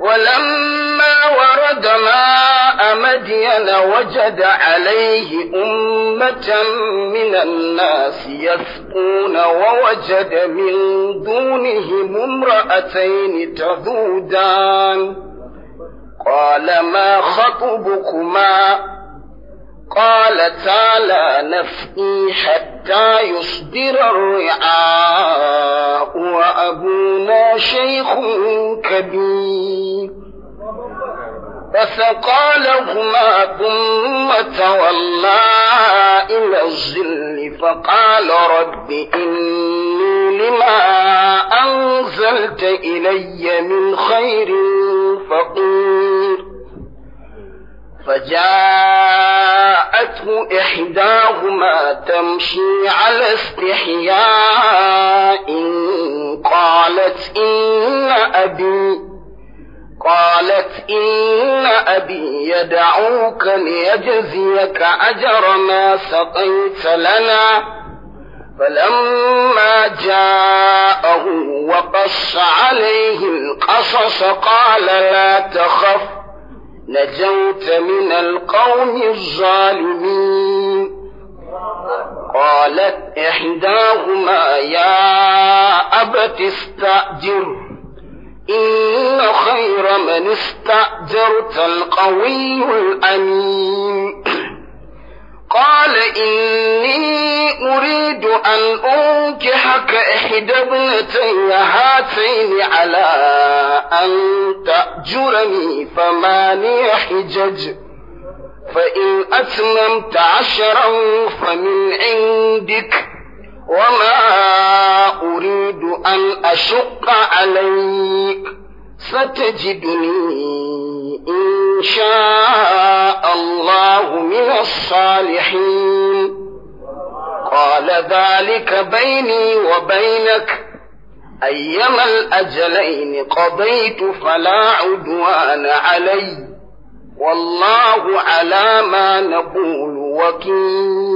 ولما ورد ماء مدين وجد عليه أمة من الناس يسقون ووجد من دونهم امرأتين تذودان قال ما خطبكما قال تعالى نفقي حتى يصدر الرعاء وأبونا شيخ كبير فثقالهما ثم تولى إلى الظل فقال رب إني لما أنزلت إلي من خير فقير فجاءته إحداهما تمشي على استحياء قالت إن أبي قالت إن أبي يدعوك ليجزيك أجر ما سقيت لنا فلما جاءه وقص عليه القصص قال لا تخف نجوت من القوم الظالمين قالت إحداهما يا أبت استأجر إن خير من استأجرت القوي الأمين قال إني أريد أن أنكحك إحدى ابنتي هاتين على أن تأجرني ثماني حجج فإن أتممت عشرا فمن عندك وما أريد أن أشق عليك ستجدني إن شاء الله من الصالحين قال ذلك بيني وبينك أيما الأجلين قضيت فلا عدوان علي والله على ما نقول وكيل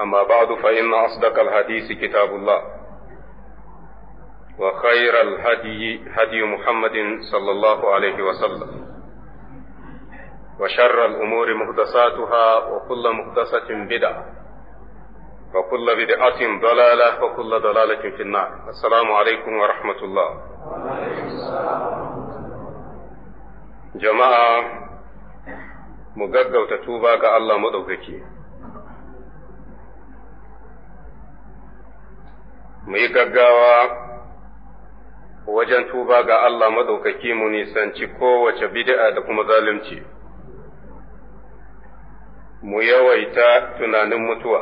أما بعد فإن أصدق الحديث كتاب الله وخير الهدي هدي محمد صلى الله عليه وسلم وشر الأمور محدثاتها وكل محدثة بدعة وكل بدعة ضلالة وكل ضلالة في النار السلام عليكم ورحمة الله جماعة مقدّو تتوبة الله مدوكي mu yi gaggawa wajen tuba ga Allah madaukaki mu nisanci kowace bid'a da kuma zalunci mu yawaita tunanin mutuwa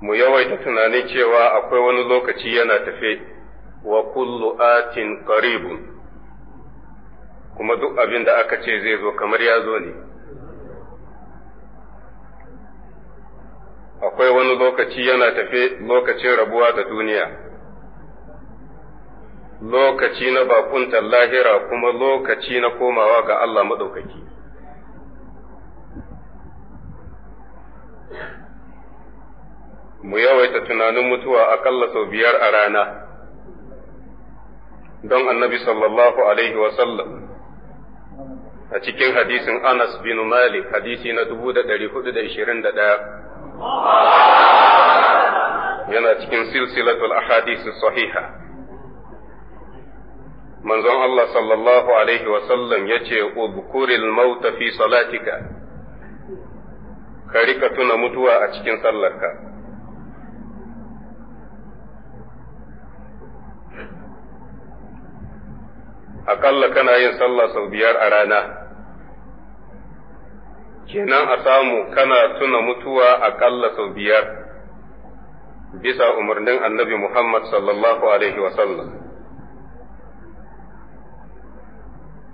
mu yawaita tunanin cewa akwai wani lokaci yana tafe wa kullu atin qaribun kuma duk abin da aka ce zai zo kamar ya zo ne akwai wani lokaci yana tafe lokacin rabuwa da duniya, lokaci na bakuntar lahira kuma lokaci na komawa ga Allah maɗaukaki. Mu yawaita tunanin mutuwa aƙalla sau biyar a rana, don annabi sallallahu Alaihi wasallam a cikin hadisin Anas bin Malik hadisi na 421. yana cikin silsilatul ahadisi sahiha manzon Allah sallallahu alaihi wasallam ya ce ubkuril mauta fi salatika ka rika tuna mutuwa a cikin sallarka aƙalla kana yin sallah sau biyar a rana kenan a samu kana tuna mutuwa aƙalla sau biyar bisa umarnin annabi Muhammad sallallahu Alaihi wasallam.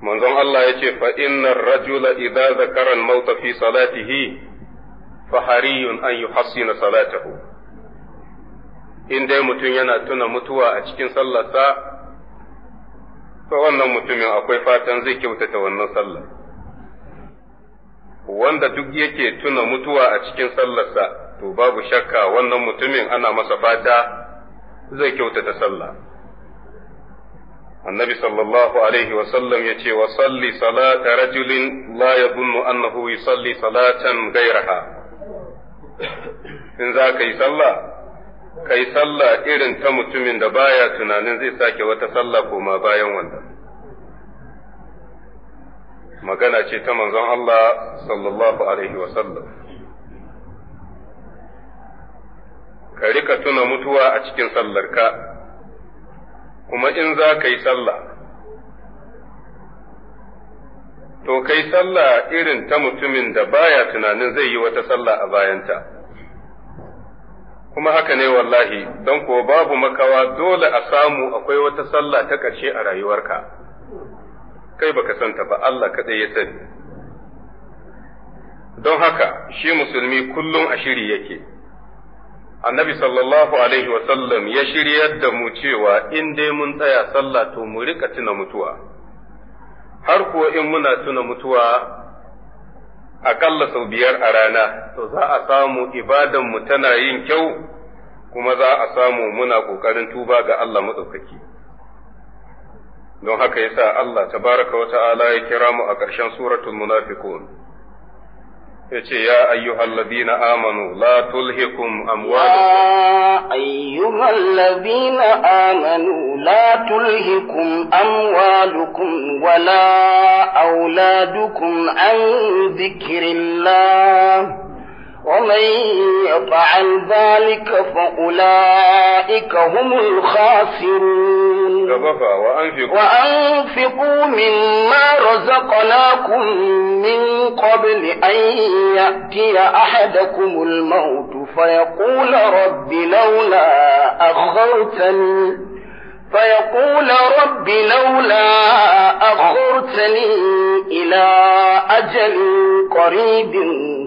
Manzon Allah ya ce, fa'innan rajula idan zakaran mauta fi salatihi, fahariyun an yi na salatahu. In dai mutum yana tuna mutuwa a cikin sallarsa, to wannan mutumin akwai fatan zai kyautata wannan sallar. wanda duk yake tuna mutuwa a cikin sallarsa to babu shakka wannan mutumin ana masa fata zai kyautata sallah annabi sallallahu alaihi wasallam ya ce wa salli salata rajulin la zunnu annahu salli salatan gairaha in za ka yi sallah ka yi sallah irin ta mutumin da baya tunanin zai sake wata sallah koma bayan wannan magana ce ta manzon Allah sallallahu alaihi wasallam ka rika tuna mutuwa a cikin sallarka kuma in za ka yi sallah to kai sallah irin ta mutumin da baya tunanin zai yi wata sallah a bayanta kuma haka ne wallahi don ko babu makawa dole a samu akwai wata sallah ta ƙarshe a rayuwarka. kai baka santa ba Allah kaɗai ya sani don haka shi musulmi kullum a shiri yake annabi sallallahu alaihi wasallam ya shiryar da mu cewa in dai mun tsaya sallah to mu rika tuna mutuwa har kuwa in muna tuna mutuwa aƙalla sau biyar a rana to za a samu ibadanmu tana yin kyau kuma za a samu muna ƙoƙarin tuba ga Allah maɗaukaki. don haka yasa Allah tabaraka wa ta'ala ya kira mu a ƙarshen suratul munafiqun yace ya ayyuhal ladina amanu la tulhikum amwalukum ya ladina amanu la tulhikum amwalukum wala auladukum an dhikrillah ومن يفعل ذلك فأولئك هم الخاسرون وأنفقوا. وأنفقوا مما رزقناكم من قبل أن يأتي أحدكم الموت فيقول رب لولا أخرتني فيقول رب لولا أخرتني إلى أجل قريب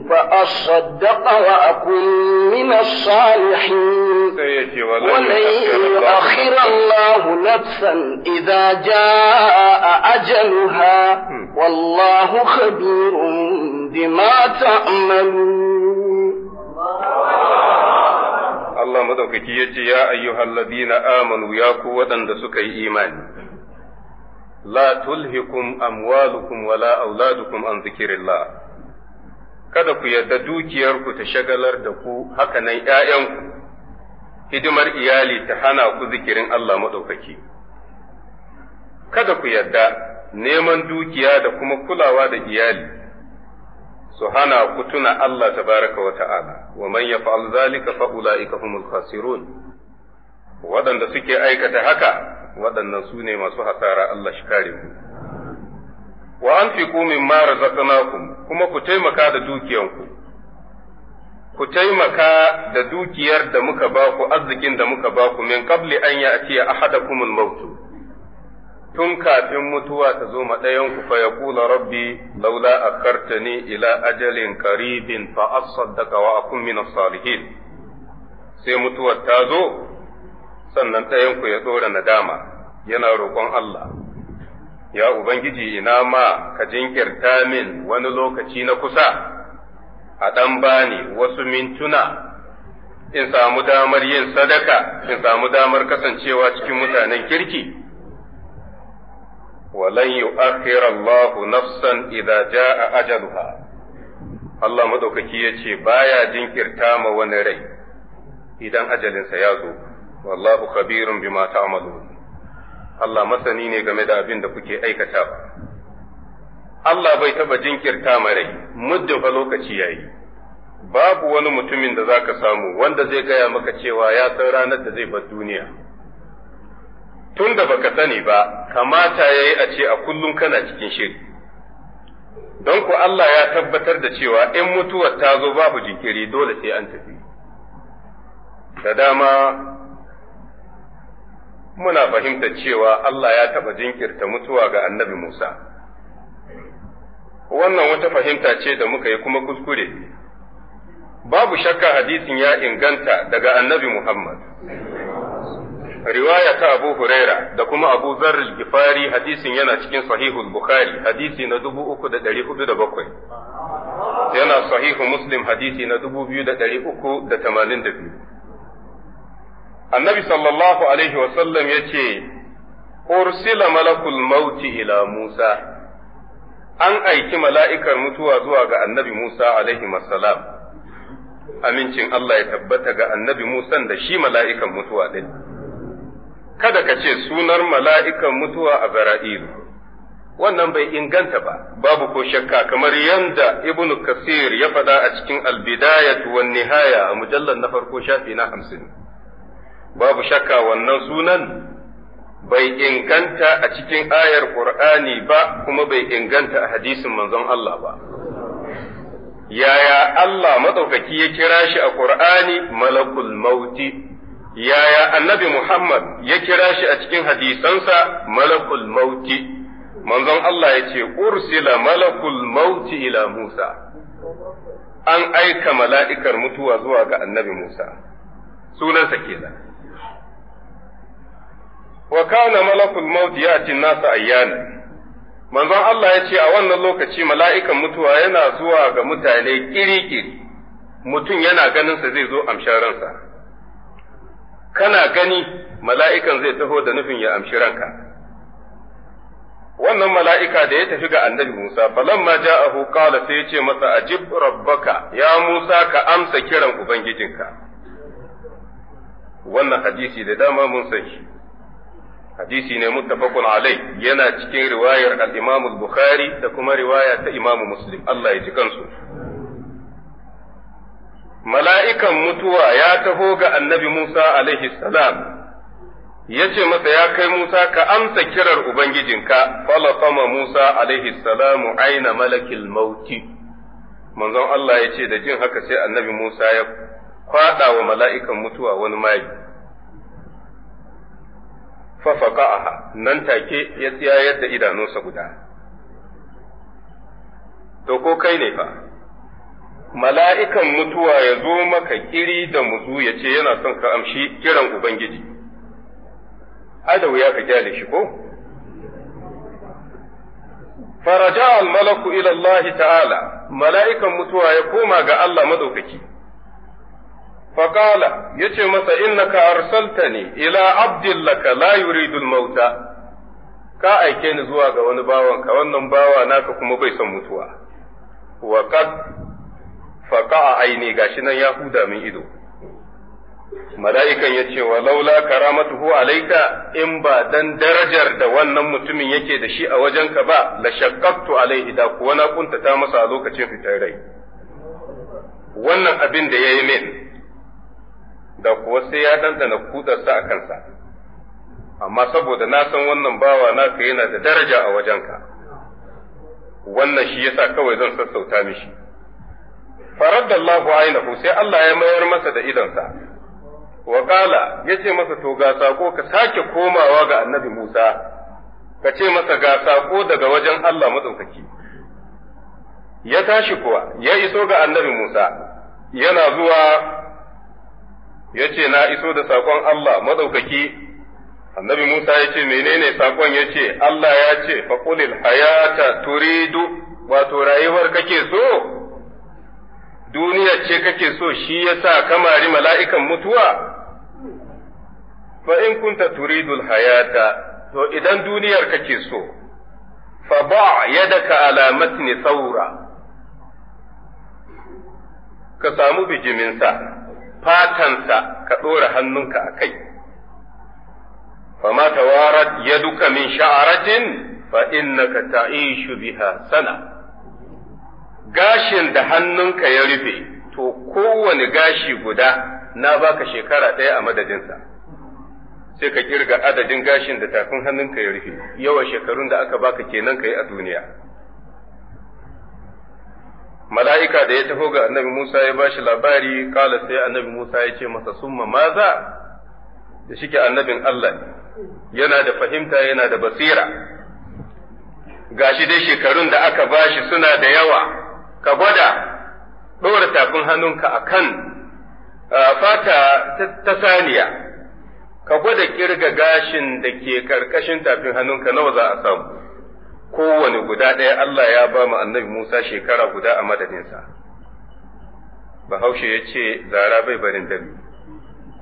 فأصدق وأكن من الصالحين ولن يؤخر الله نفسا إذا جاء أجلها والله خبير بما تعملون Allah madaukaki ya ce ya ayyuhal ladina amanu ya ku waɗanda suka yi imani la tulhikum amwalukum wala auladukum an zikirillah kada ku yarda dukiyarku ta shagalar da ku haka nan ’ya'yanku hidimar iyali ta hana ku zikirin Allah madaukaki kada ku yarda neman dukiya da kuma kulawa da iyali su hana ku tuna Allah tabaraka wa ta'ala wa man yaf'al zalika fa ulaika khasirun waɗanda suke aikata haka waɗannan su ne masu hasara Allah shi kare ku wa anfiqu mimma razaqnakum kuma ku taimaka da dukiyanku ku taimaka da dukiyar da muka ba ku arzikin da muka ba ku min ƙabli an ya'tiya ahadakumul mautu tun kafin mutuwa ta zo ma ɗayan ku fa rabbi laula a akhartani ila ajalin qaribin fa asaddaqa wa akun min salihin sai mutuwar ta zo sannan ɗayanku ya dora nadama yana roƙon Allah ya ubangiji ina ma ka jinkirta min wani lokaci na kusa a ɗan bani wasu mintuna in samu damar yin sadaka in samu damar kasancewa cikin mutanen kirki ولن يؤخر الله نفسا إذا جاء أجلها Allah madaukaki ya ce baya jinkirta ma wani rai idan ajalinsa ya zo wallahu khabirun bima ta'malun Allah masani ne game da abin da kuke aikata ba. Allah bai taba jinkirta ma rai muddin fa lokaci yayi babu wani mutumin da zaka samu wanda zai gaya maka cewa ya san ranar da zai bar duniya tun da baka sani ba kamata ya yi a ce a kullum kana cikin shiri don ku Allah ya tabbatar da cewa in mutuwar ta zo babu jinkiri dole sai an tafi da dama muna fahimtar cewa Allah ya taɓa jinkirta mutuwa ga annabi Musa wannan wata fahimta ce da muka yi kuma kuskure babu shakka hadisin ya inganta daga annabi Muhammad riwaya ta Abu Huraira da kuma Abu Zarr al-Gifari hadisin yana cikin Sahihul Bukhari hadisi na 3407 yana Sahihu Muslim hadisi na 2382 Annabi sallallahu alaihi wa sallam yace ursila malakul mauti ila Musa an aiki mala'ikar mutuwa zuwa ga Annabi Musa alaihi salam amincin Allah ya tabbata ga Annabi Musa da shi mala'ikan mutuwa din kada ka ce sunar mala'ikan mutuwa a zara'ilu, wannan bai inganta ba, babu ko shakka kamar yadda Ibn Kasir ya faɗa a cikin albidayat wa nihaya a mujallar na farko shafi na hamsin. Babu shakka wannan sunan bai inganta a cikin ayar Ƙur'ani ba kuma bai inganta a hadisin manzon Allah ba. Yaya Allah matsaukaki ya kira shi a Ƙur'ani malakul mauti yaya annabi Muhammad ya kira shi a cikin hadisansa malakul mauti manzon Allah ya ce ursila malakul mauti ila Musa an aika mala'ikar mutuwa zuwa ga annabi Musa sunansa kenan wa kana malakul mauti ya ci nasa ayyana manzon Allah ya ce a wannan lokaci mala'ikan mutuwa yana zuwa ga mutane kiri-kiri mutum yana ganinsa zai zo amsharansa. ransa kana gani mala'ikan zai taho da nufin ya amshi ranka. Wannan mala'ika da ya tafi ga annabi Musa, balan ja ja'ahu qala sai ya ce masa ajib rabbaka ya Musa ka amsa kiran Ubangijinka. Wannan hadisi da dama mun san shi. Hadisi ne muttafaqun alai yana cikin riwayar al-Imam al-Bukhari da kuma riwaya ta Imam Muslim Allah ya ji kansu. mala'ikan mutuwa ya taho ga annabi Musa alaihi salam, ya ce masa ya kai Musa ka amsa kirar Ubangijinka, falafama Musa alaihi salamu aina malakil mauti. Manzon Allah ya ce da jin haka sai annabi Musa ya kwaɗa wa mala'ikan mutuwa wani mayi. Fafaka nan take ya tsayar da idanunsa guda. To ko kai ne fa? mala'ikan mutuwa ya zo maka kiri da muzu ya ce yana son ka amshi kiran Ubangiji. Adawu ya ka gyale shi ko? Faraja al-malaku ila Allah ta'ala, mala'ikan mutuwa ya koma ga Allah madaukaki. Faƙala ya ce masa innaka arsalta ne ila abdillaka la yuridul mauta, ka aike ni zuwa ga wani bawanka wannan bawa naka kuma bai son mutuwa. Wa faqa aini gashi nan ya huda min ido mala'ikan ya ce wa laula karamatuhu alaika in ba dan darajar da wannan mutumin yake da shi a wajenka ba la alai alaihi da kuwa na kuntata masa a lokacin fitar rai wannan abin da yayi min da kuwa sai ya dandana kudarsa a kansa amma saboda na san wannan bawa na naka yana da daraja a wajenka wannan shi yasa kawai zan sassauta mishi faradda Allahu ainahu sai Allah ya mayar masa da idonsa Wakala qala yace masa to ga sako ka sake komawa ga annabi Musa ka ce masa ga sako daga wajen Allah matsaukaki ya tashi kuwa ya iso ga annabi Musa yana zuwa ya ce na iso da sakon Allah matsaukaki annabi Musa ya ce menene sakon ya ce Allah ya ce faƙulil hayata turidu wato rayuwar kake so Duniyar ce kake so shi yasa kamari mala'ikan mutuwa fa in kunta turidul hayata to idan duniyar kake so fa ba yadaka alamat matni saura ka samu bijiminsa fatansa ka ɗora hannunka a kai fama tawarat yaduka min sha'aratin fa innaka ta'ishu biha sana gashin da hannunka ya rufe to kowane gashi guda na baka shekara ɗaya a madadinsa sai ka kirga adadin gashin da tafin hannunka ya rufe yawan shekarun da aka baka kenan ka yi a duniya mala'ika da ya taho ga annabi Musa ya bashi labari kala sai annabi Musa ya ce masa summa maza da shike annabin Allah yana da fahimta yana da basira gashi dai shekarun da aka ba shi suna da yawa ka gwada ɗora tafin hannunka a kan fata ta saniya, ka gwada ƙirga gashin da ke ƙarƙashin tafin hannunka nawa za a samu, kowane guda ɗaya Allah ya ba mu annabi Musa shekara guda a madadinsa. Bahaushe ya ce, zara bai barin dami,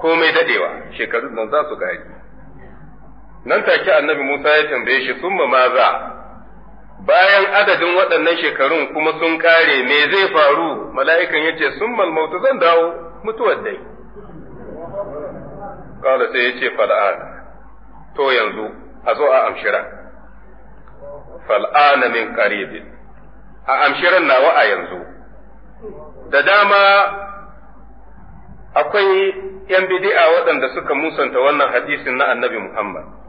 komai daɗewa, shekarun nan za su gari. Nan take annabi Musa ya tambaye shi, summa maza bayan adadin waɗannan shekarun kuma sun kare me zai faru mala'ikan yace sun malmautu zan dawo mutuwar dai kala sai yace fal'an to yanzu a zo a amshira Fal’an min qaribin a amshiran nawa a yanzu da dama akwai yan bid'a waɗanda suka musanta wannan hadisin na annabi Muhammad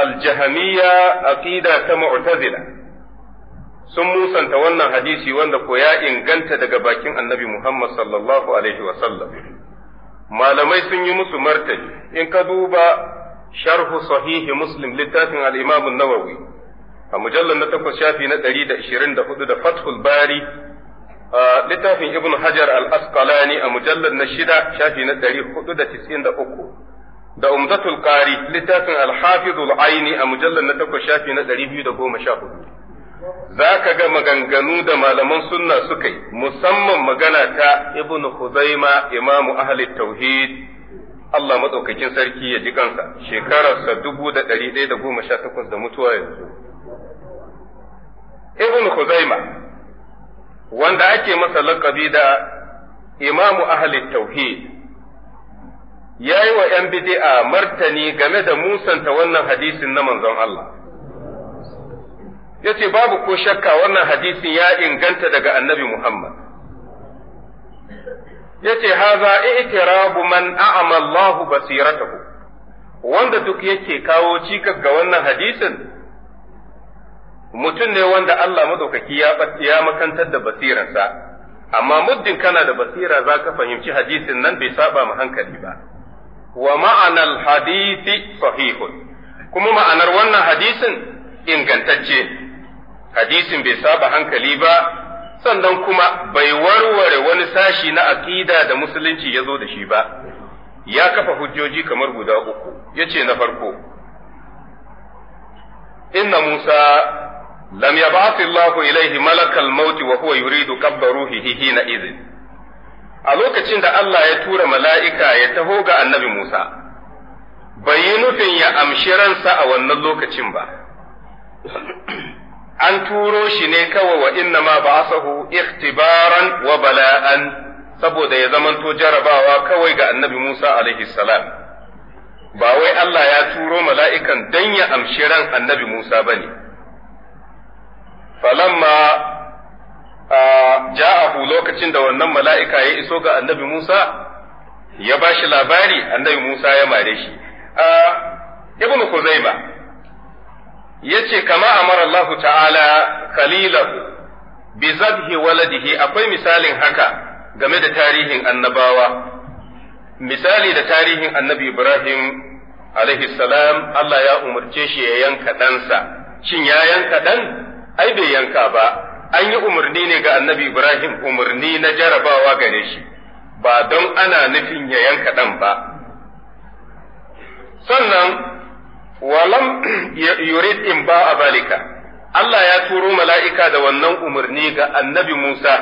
aljahamiya aqida ta mu'tazila sun musanta wannan hadisi wanda ko ya inganta daga bakin annabi Muhammad sallallahu alaihi wa sallam malamai sun yi musu martani in ka duba sharhu sahihi muslim littafin al-imam an-nawawi a mujallar na takwas shafi na 124 da fathul bari littafin ibn hajar al-asqalani a mujallar na shida shafi na 493 da umzatul qari littafin al-hafizul aini a mujallar na takwas shafi na 214 zaka ga maganganu da malaman sunna suka yi musamman magana ta ibnu khuzaima imamu ahli tauhid Allah madaukakin sarki ya ji kansa shekararsa 1118 da mutuwa yanzu ibnu khuzaima wanda ake masa laqabi da imamu ahli tauhid ya yi wa ‘yan bidi'a martani game da musanta wannan hadisin na manzon Allah. yace babu ko shakka wannan hadisin ya inganta daga annabi Muhammad. Ya ce, haza itirabu man a'ama Allahu basiratahu wanda duk yake kawo cikas ga wannan hadisin, mutum ne wanda Allah madaukaki ya ya makantar da basiransa, amma muddin kana da basira za ka fahimci hadisin nan bai saba mu hankali ba. wa ma'anar hadisi sahihun kuma ma'anar wannan hadisin ingantacce hadisin bai saba hankali ba sannan kuma bai warware wani sashi na aƙida da musulunci ya zo da shi ba ya kafa hujjoji kamar guda uku ya ce na farko inna musa lam yab'ath Allahu ilayhi malakal mauti wa huwa yuridu qabla ruhihi hina idhin a lokacin da Allah ya tura mala'ika ya taho ga annabi Musa, bai yi nufin ya amshi ransa a wannan lokacin ba, an turo shi ne kawai wa inna ma ba sahu ikhtibaran wa bala'an saboda ya zamanto jarabawa kawai ga annabi Musa alaihi salam. Ba wai Allah ya turo mala'ikan don ya amshi ran annabi Musa ba ne. ja abu lokacin da wannan mala'ika ya iso ga annabi Musa ya ba shi labari annabi Musa ya mare shi ibn Kuzaima yace kama amara Allah ta'ala khalilahu bi zabhi waladihi akwai misalin haka game da tarihin annabawa misali da tarihin annabi Ibrahim alaihi salam Allah ya umarce shi ya yanka ɗansa shin ya yanka ɗan ai bai yanka ba an yi umarni ne ga annabi Ibrahim umarni na jarabawa gare shi ba don ana nufin ya yanka ɗan ba. Sannan walam yurid in ba a Balika, Allah ya turo mala'ika da wannan umarni ga annabi Musa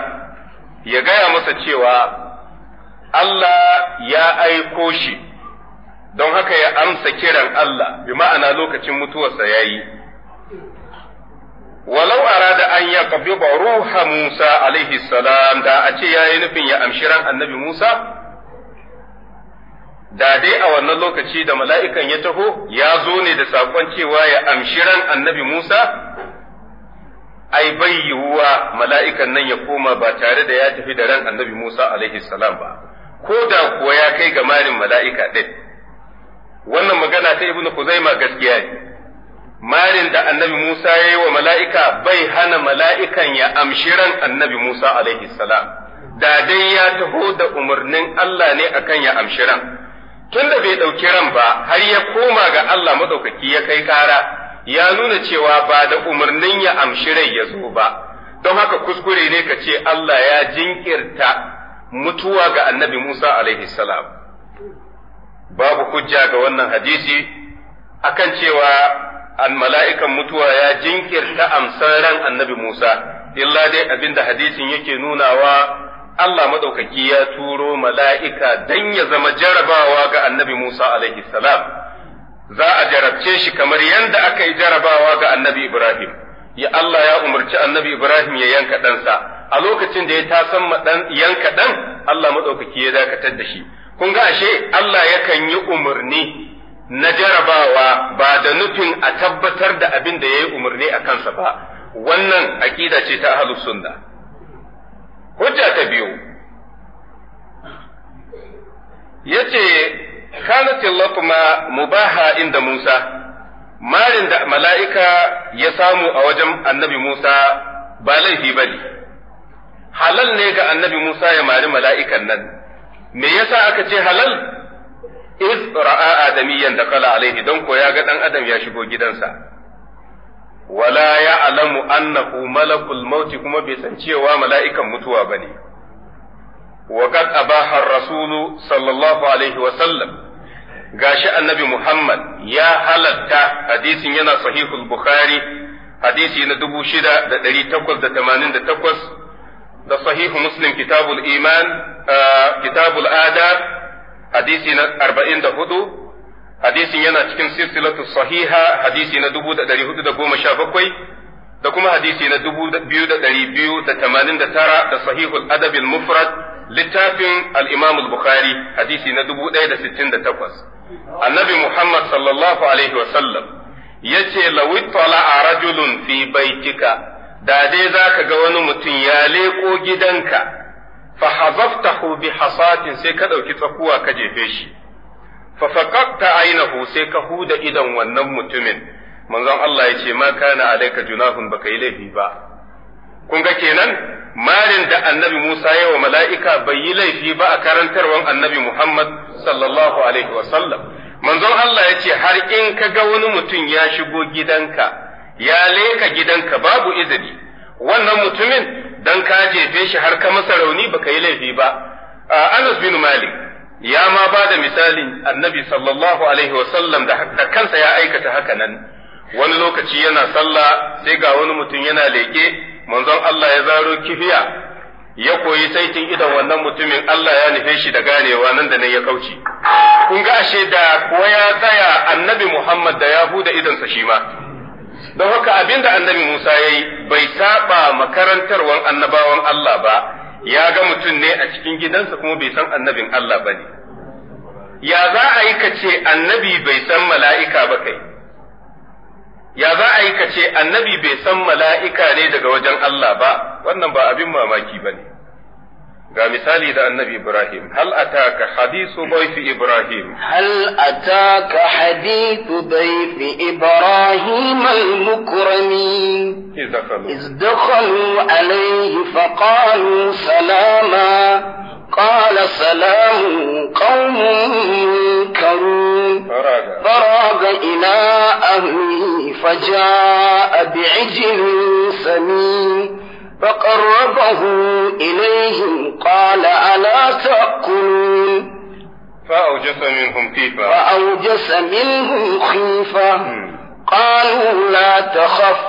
ya gaya masa cewa Allah ya aiko shi don haka ya amsa kiran Allah bi ma'ana lokacin mutuwarsa ya yi. walau da an ya qabida ruha Musa alaihi salam da a ce yayi nufin ya amshi ran annabi Musa da dai a wannan lokaci da mala'ikan ya taho ya zo ne da saƙon cewa ya amshi ran annabi Musa, ai bai yiwuwa mala'ikan nan ya koma ba tare da ya tafi da ran annabi Musa alaihi salam ba, ko da kuwa ya kai ga marin mala'ika ɗin. Wannan magana ta Ibn Kuzaima gaskiya ne. marin da annabi Musa ya yi wa mala'ika bai hana mala'ikan ya amshi annabi Musa alaihi salam, da dai ya taho da umarnin Allah ne akan ya amshi ran. Tun da bai ɗauki ran ba, har ya koma ga Allah maɗaukaki ya kai ƙara, ya nuna cewa ba da umarnin ya amshi rai ya zo ba, don haka kuskure ne ka ce Allah ya jinkirta mutuwa ga annabi Musa alaihi salam. Babu hujja ga wannan hadisi akan cewa an mala'ikan mutuwa ya jinkirta amsan ran annabi Musa, illa dai abinda hadisin yake nunawa Allah maɗaukaki ya turo mala'ika don ya zama jarabawa ga annabi Musa alaihi salam. Za a jarabce shi kamar yadda aka yi jarabawa ga annabi Ibrahim, ya Allah ya umarci annabi Ibrahim ya yanka ɗansa, a lokacin da ya tasan yanka ɗan Allah maɗaukaki ya dakatar da shi. Kun ga ashe Allah yakan yi umarni na jarabawa ba da nufin a tabbatar da abin da ya yi umarni a kansa ba, wannan aƙida ce ta halu sunna. Hujja ta biyu, ya ce, Kanatin mubaha inda Musa, marin da mala'ika ya samu a wajen annabi Musa ba laifi ba ne, halal ne ga annabi Musa ya mari mala'ikan nan, me yasa aka ce halal? iz ra'a adamiyan da kala alaihi don ko ya ga dan adam ya shigo gidansa wala ya alamu annahu malakul mauti kuma bai san cewa mala'ikan mutuwa bane wa qad abaha rasul sallallahu alaihi wa sallam gashi annabi muhammad ya halatta hadisin yana sahihul bukhari hadisi na 6888 da sahihu muslim kitabul iman ah, kitabul adab hadisi na arba'in da hudu hadisin yana cikin silsilatu sahiha hadisi na dubu da dari hudu da goma sha bakwai da kuma hadisi na dubu biyu da dari biyu da tamanin da tara da sahihul adabil mufrad littafin al-imam hadisi na dubu ɗaya da sittin da takwas annabi muhammad sallallahu alaihi wa sallam yace lawittala a rajulun fi baitika zaka ga wani mutum ya leko gidanka fa hazaftahu bi hasatin sai ka ɗauki tsakuwa ka jefe shi fa faqaqta ainahu sai ka huda idan wannan mutumin manzon Allah ya ce ma kana alaika junahun baka yi laifi ba kun ga kenan marin da annabi Musa ya wa mala'ika bai yi laifi ba a karantarwan annabi Muhammad sallallahu alaihi wasallam. Manzon Allah ya ce har in ka ga wani mutum ya shigo gidanka, ya leka gidanka babu izini, wannan mutumin dan ka jefe shi har ka masa rauni baka yi laifi ba Anas bin Malik ya ma ba da misalin annabi sallallahu alaihi wa sallam da kansa ya aikata haka nan wani lokaci yana sallah sai ga wani mutum yana leke manzon Allah ya zaro kifiya ya koyi saitin idan wannan mutumin Allah ya nufe shi da ganewa nan da nan ya kauce kun ga ashe da kuwa ya tsaya annabi Muhammad da ya huda idansa shi ma don haka abin da annabi Musa ya yi bai saba makarantarwan annabawan Allah ba ya ga mutum ne a cikin gidansa kuma bai san annabin Allah ba ne ya za a yi ka annabi bai san mala'ika ba kai ya za a yi ka annabi bai san mala'ika ne daga wajen Allah ba wannan ba abin mamaki ba ne ga misali da annabi Ibrahim hal ataka hadithu dayfi Ibrahim hal ataka hadithu dayfi Ibrahim al-mukramin إذ دخلوا عليه فقالوا salama قال سلام قوم منكرون فراغ إلى أهله فجاء بعجل سمين فقربه إليهم قال ألا تأكلون فأوجس منهم خيفة فأوجس منهم خيفة قالوا لا تخف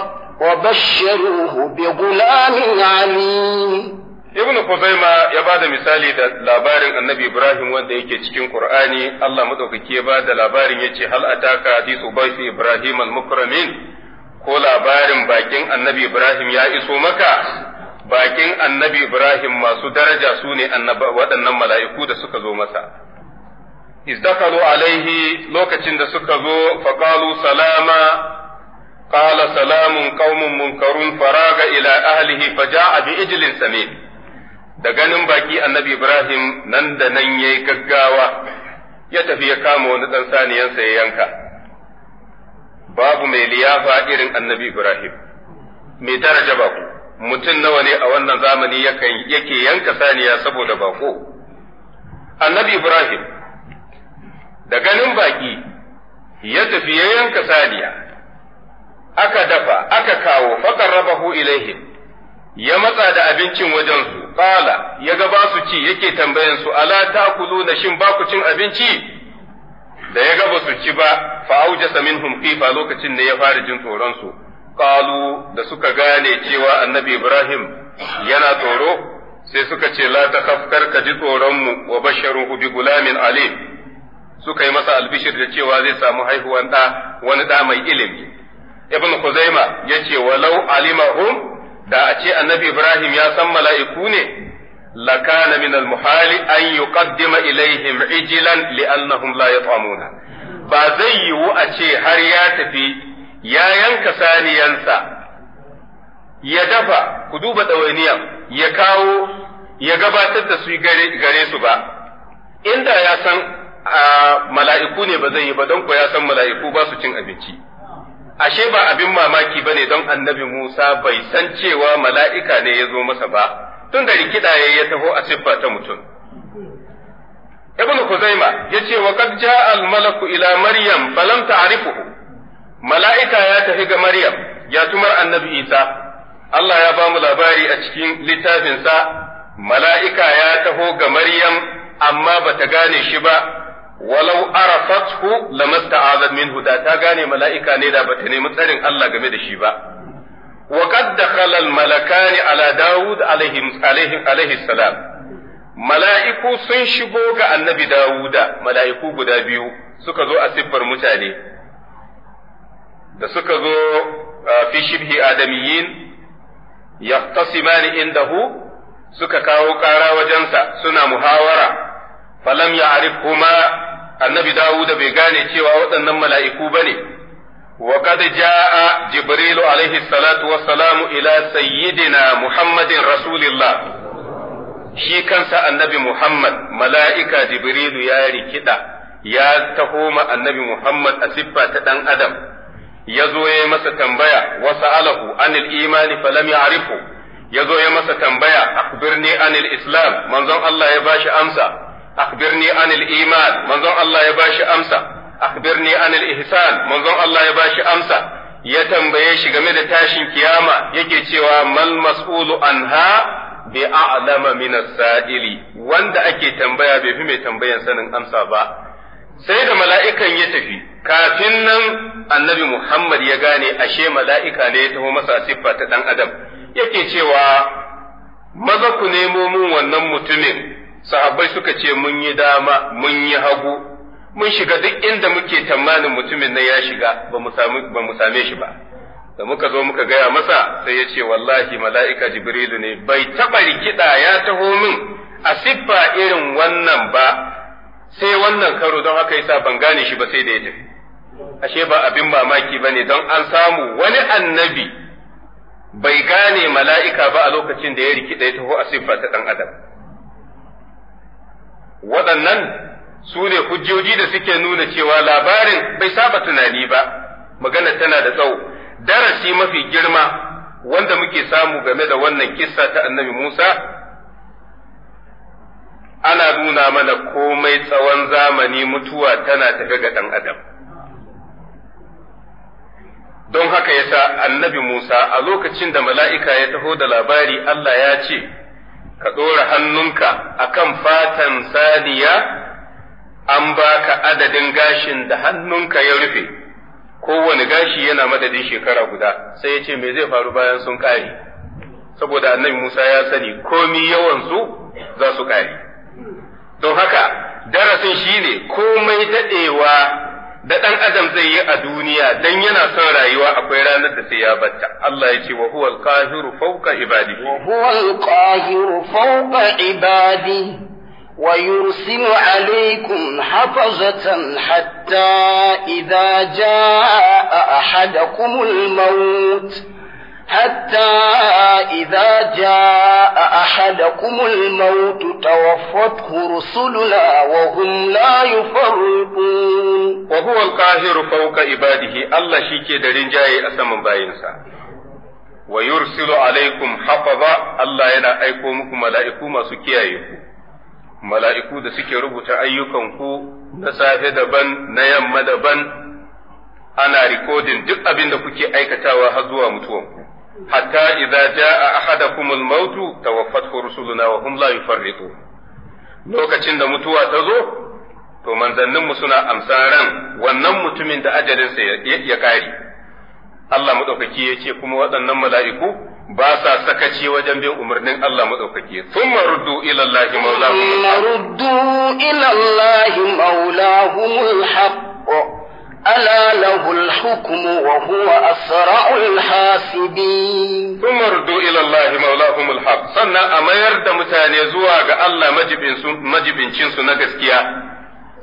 وبشروه بغلام عليم ابن خزيمة يبعد مثالي دا لابارن النبي إبراهيم وانت تشكين قرآني الله مدوك كي يبعد لابارن يتي هل أتاك حديث بايث إبراهيم المكرمين ko labarin bakin annabi Ibrahim ya iso maka bakin annabi Ibrahim masu daraja su ne waɗannan mala'iku da suka zo masa. Izdakalu alaihi lokacin da suka zo faƙalu salama, ƙala salamun ƙaumin munkarun faraga ila ahlihi faja bi ijilin ne Da ganin baƙi annabi Ibrahim nan da nan ya yi gaggawa, ya tafi ya kama wani ɗan saniyansa ya yanka. babu mai liyafa irin annabi Ibrahim, mai daraja baku, mutum nawa ne a wannan zamani yake yanka saniya saboda bako. Annabi Ibrahim, da ganin baki, ya tafi ya yanka saniya, aka dafa, aka kawo, faƙar rabahu ilaihim. ya matsa da abincin wajensu, ƙala, ya ga ba su ci yake tambayansu, ala ta kulu na shin baku ku cin abinci? da ya ga basu ci ba fa aujasa minhum khifa lokacin ne ya fara jin tsoron su qalu da suka gane cewa annabi Ibrahim yana tsoro sai suka ce la takhaf ka ji tsoron mu wa basharuhu bi gulamin alim suka yi masa albishir da cewa zai samu haihuwan da wani da mai ilimi ibn Khuzaima yace walau alimahum da a ce annabi Ibrahim ya san mala'iku ne لكان من المحال أن يقدم إليهم عجلا لأنهم لا يطعمون ba zai yiwu a ce har ya tafi ya yanka saniyansa ya dafa ku duba ɗawainiya ya kawo ya gabatar da su gare su ba inda ya san mala'iku ne ba zai yi ba don ko ya san mala'iku ba su cin abinci ashe ba abin mamaki ba ne don annabi Musa bai san cewa mala'ika ne ya zo masa ba tun da rikida ya taho a siffa ta mutum. Ibn khuzaima ya ce wa kad ja al-malaku ila Maryam falam ta'rifuhu mala'ika ya tafi ga Maryam ya tumar annabi Isa Allah ya ba mu labari a cikin littafin sa mala'ika ya taho ga Maryam amma bata gane shi ba walau arafathu lamasta'azat minhu da ta gane mala'ika ne da bata nemi tsarin Allah game da shi ba wa qad dakhala al malakani ala daud alaihi salam mala'iku sun shigo ga annabi dawuda mala'iku guda biyu suka zo a siffar mutane da suka zo fi shibhi adamiyyin yaqtasimani indahu suka kawo ƙara wajensa suna muhawara falam ya kuma annabi dawuda bai gane cewa waɗannan mala'iku ba ne وقد جاء جبريل عليه الصلاة والسلام إلى سيدنا محمد رسول الله shi kansa annabi Muhammad mala'ika Jibrilu ya rikiɗa, ya taho ma annabi Muhammad a siffa ta ɗan Adam, ya zo ya masa tambaya wasu alahu anil imani falam ya arifu, ya zo ya masa tambaya birni anil Islam manzon Allah ya bashi amsa, birni anil iman manzon Allah ya bashi amsa, akhbirni anil ihsan manzon Allah ya bashi amsa ya tambaye shi game da tashin kiyama yake cewa mal mas'ulu anha bi a'lama min as-sa'ili wanda ake tambaya bai fi mai tambayan sanin amsa ba sai da mala'ikan ya tafi kafin nan annabi Muhammad ya gane ashe mala'ika ne ya taho masa siffa ta dan adam yake cewa maza ku nemo mun wannan mutumin sahabbai suka ce mun yi dama mun yi hagu mun shiga duk inda muke tamanin mutumin na ya shiga ba mu same shi ba da muka zo muka gaya masa sai ya ce wallahi mala'ika jibrilu ne bai taɓa rikida ya taho min a siffa irin wannan ba sai wannan karo don haka yasa ban gane shi ba sai da ya tafi ashe ba abin mamaki ba ne don an samu wani annabi bai gane mala'ika ba a lokacin da ya rikida ya taho a siffa ta ɗan adam waɗannan su ne hujjoji da suke nuna cewa labarin bai saba tunani ba magana tana da tsawo darasi mafi girma wanda muke samu game da wannan kissa ta annabi Musa ana nuna mana komai tsawon zamani mutuwa tana tafi ga ɗan adam don haka yasa annabi Musa a lokacin da mala'ika ya taho da labari Allah ya ce ka ɗora hannunka kan fatan saniya an baka adadin gashin da hannunka ya rufe kowane gashi yana madadin shekara guda sai ya ce me zai faru bayan sun kare? saboda annabi Musa ya sani komi yawan su za su ƙare don haka darasin shine komai dadewa da ɗan adam zai yi a duniya dan yana son rayuwa akwai ranar da sai ya batta Allah ya ce wa huwal qahiru fawqa ibadihi wa huwal qahiru fawqa ibadihi ويرسل عليكم حفظة حتى إذا جاء أحدكم الموت حتى إذا جاء أحدكم الموت توفته رسلنا وهم لا يفرقون وهو القاهر فوق عباده الله شيكي درين جاي أسمن باينسا ويرسل عليكم حفظة الله ينا أيكم ملائكم سكيائكم mala'iku da suke rubuta ayyukanku na safe daban, na yamma daban, ana rikodin duk abin da kuke aikatawa har zuwa mutuwanku. Hatta idza jaa al mautu tawaffathu rusuluna wa hum la yufarriqu. Lokacin da mutuwa ta zo, to manzanninmu suna amsan ran wannan mutumin da ajalinsa ya kare. Allah madaukaki ya ce kuma waɗannan mala'iku ba sa sakaci wajen bin umarnin Allah madaukake thumma ruddu ila Allah maulahum thumma ruddu ila Allah maulahumul haqq ala lahul hukmu wa huwa asra'ul hasibin thumma ruddu ilallahi Allah mulhaɓ. sannan a mayar da mutane zuwa ga Allah majibincin su na gaskiya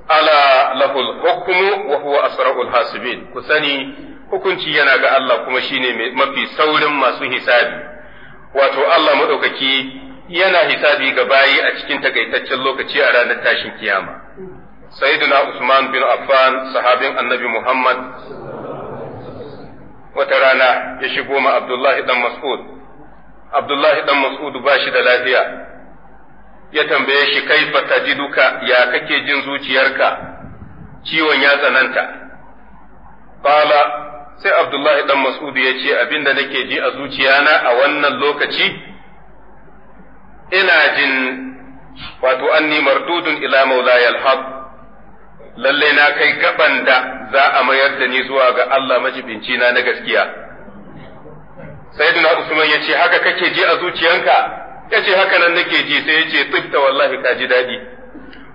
ala lahul hukumu wa huwa asra'ul hasibin ku sani hukunci yana ga Allah kuma shine mafi saurin masu hisabi wato Allah maɗaukaki yana hisabi ga bayi a cikin takaitaccen lokaci a ranar tashin kiyama sayyiduna Usman bin Affan sahabin Annabi Muhammad wata rana ya shigo ma Abdullahi dan Mas'ud Abdullahi dan Mas'ud ba shi da lafiya ya tambaye shi kaifa tajiduka ya kake jin zuciyarka ciwon ya tsananta Bala. sai Abdullahi dan Mas'ud ya ce abinda nake ji a zuciyana a wannan lokaci ina jin wato anni mardudun ila maulaya alhab lalle na kai gaban da za a mayar da ni zuwa ga Allah majibinci na na gaskiya sayyidina Usman ya ce haka kake ji a zuciyanka ya ce haka nan nake ji sai ya ce tsifta wallahi ka ji daɗi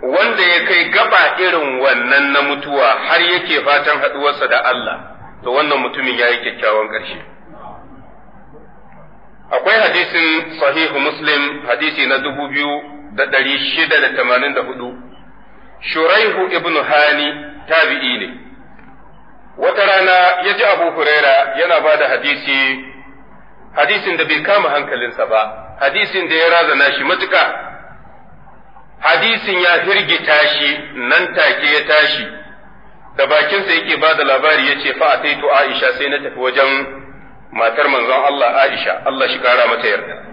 wanda ya kai gaba irin wannan na mutuwa har yake fatan haɗuwarsa da Allah to wannan mutumin ya yi kyakkyawan ƙarshe. Akwai hadisin sahihu Muslim hadisi na dubu biyu da ɗari shida da tamanin da hudu, Shuraihu ibn Hani tabi'i ne, wata rana ya ji Abu Huraira yana ba da hadisi, hadisin da bai kama hankalinsa ba, hadisin da ya razana shi matuka, hadisin ya firgita shi nan take ya tashi. da bakinsa yake ba da labari ya ce fa ataitu Aisha sai na tafi wajen matar manzon Allah Aisha Allah shi kara mata yarda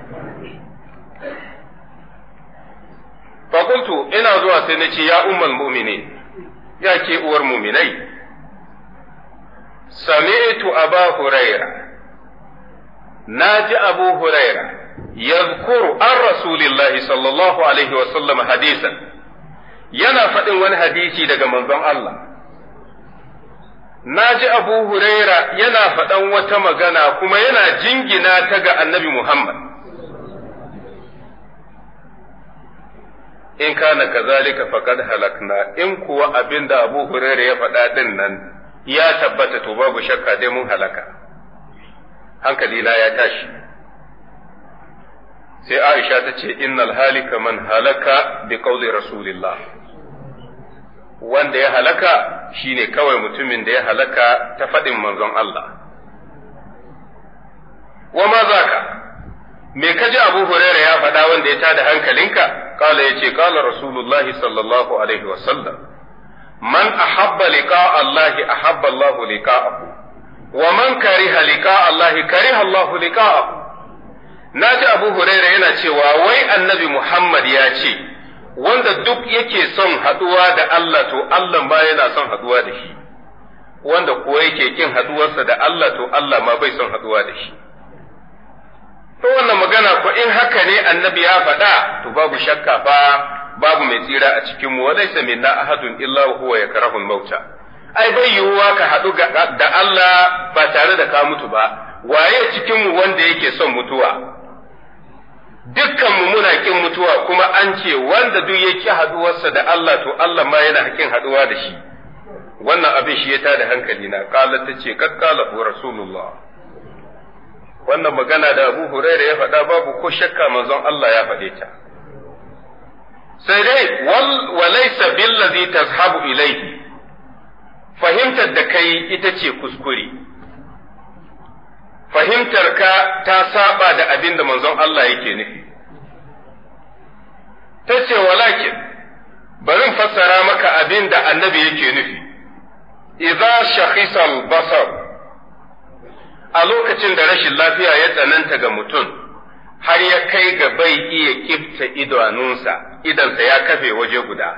fa ina zuwa sai na ce ya umar mu'minin ya ke uwar mu'minai sami'tu aba huraira na ji abu huraira yadhkuru an rasulillahi sallallahu alaihi wa sallam hadisan yana faɗin wani hadisi daga manzon Allah na ji Abu Huraira yana faɗan wata magana kuma yana jingina ta ga annabi Muhammad. In kana kazalika faqad halakna in kuwa abinda Abu Huraira ya faɗa ɗin nan ya tabbata to babu shakka dai mun halaka. Hankali ya tashi. Sai Aisha ta ce innal halika man halaka bi qawli Rasulillah. wanda ya halaka shine kawai mutumin da ya halaka ta faɗin manzon Allah. Wa ma za ka, me ka ji Abu Huraira ya faɗa wanda ya tada hankalinka? Kala ya ce, Kala Rasulullahi sallallahu Alaihi wasallam, man a ahabba liqa Allahi ahabba Allahu liqa'ahu wa man kariha liqa Allahi kariha Allahu liqa'ahu. Na ji Abu Huraira yana cewa wai annabi Muhammad ya ce, wanda duk yake son haɗuwa da Allah to Allah ma yana son haɗuwa da shi wanda kuwa yake kin haɗuwarsa da Allah to Allah ma bai son haɗuwa da shi to wannan magana ko in haka ne annabi ya faɗa to babu shakka fa babu mai tsira a cikin mu walaysa minna ahadun illa huwa yakrahu mauta ai bai yiwuwa ka haɗu da Allah ba tare da ka mutu ba waye cikin mu wanda yake son mutuwa dukkan mu muna kin mutuwa kuma an ce wanda duk ya ki haduwarsa da Allah to Allah ma yana hakin haduwa da shi wannan abin shi ya tada hankali na kala ta ce ƙaƙƙala, hu rasulullah wannan magana da Abu Hurairah ya faɗa babu ko shakka manzon Allah ya faɗe ta sai dai walaysa billazi tazhabu ilayhi fahimtar da kai ita ce kuskure fahimtar ka ta saba da abin da manzon Allah yake nufi ta ce walakin barin fassara maka abin da annabi yake nufi idza shakhisal basar a lokacin da rashin lafiya ya tsananta ga mutum har ya kai ga bai iya kifta idanunsa idansa ya kafe waje guda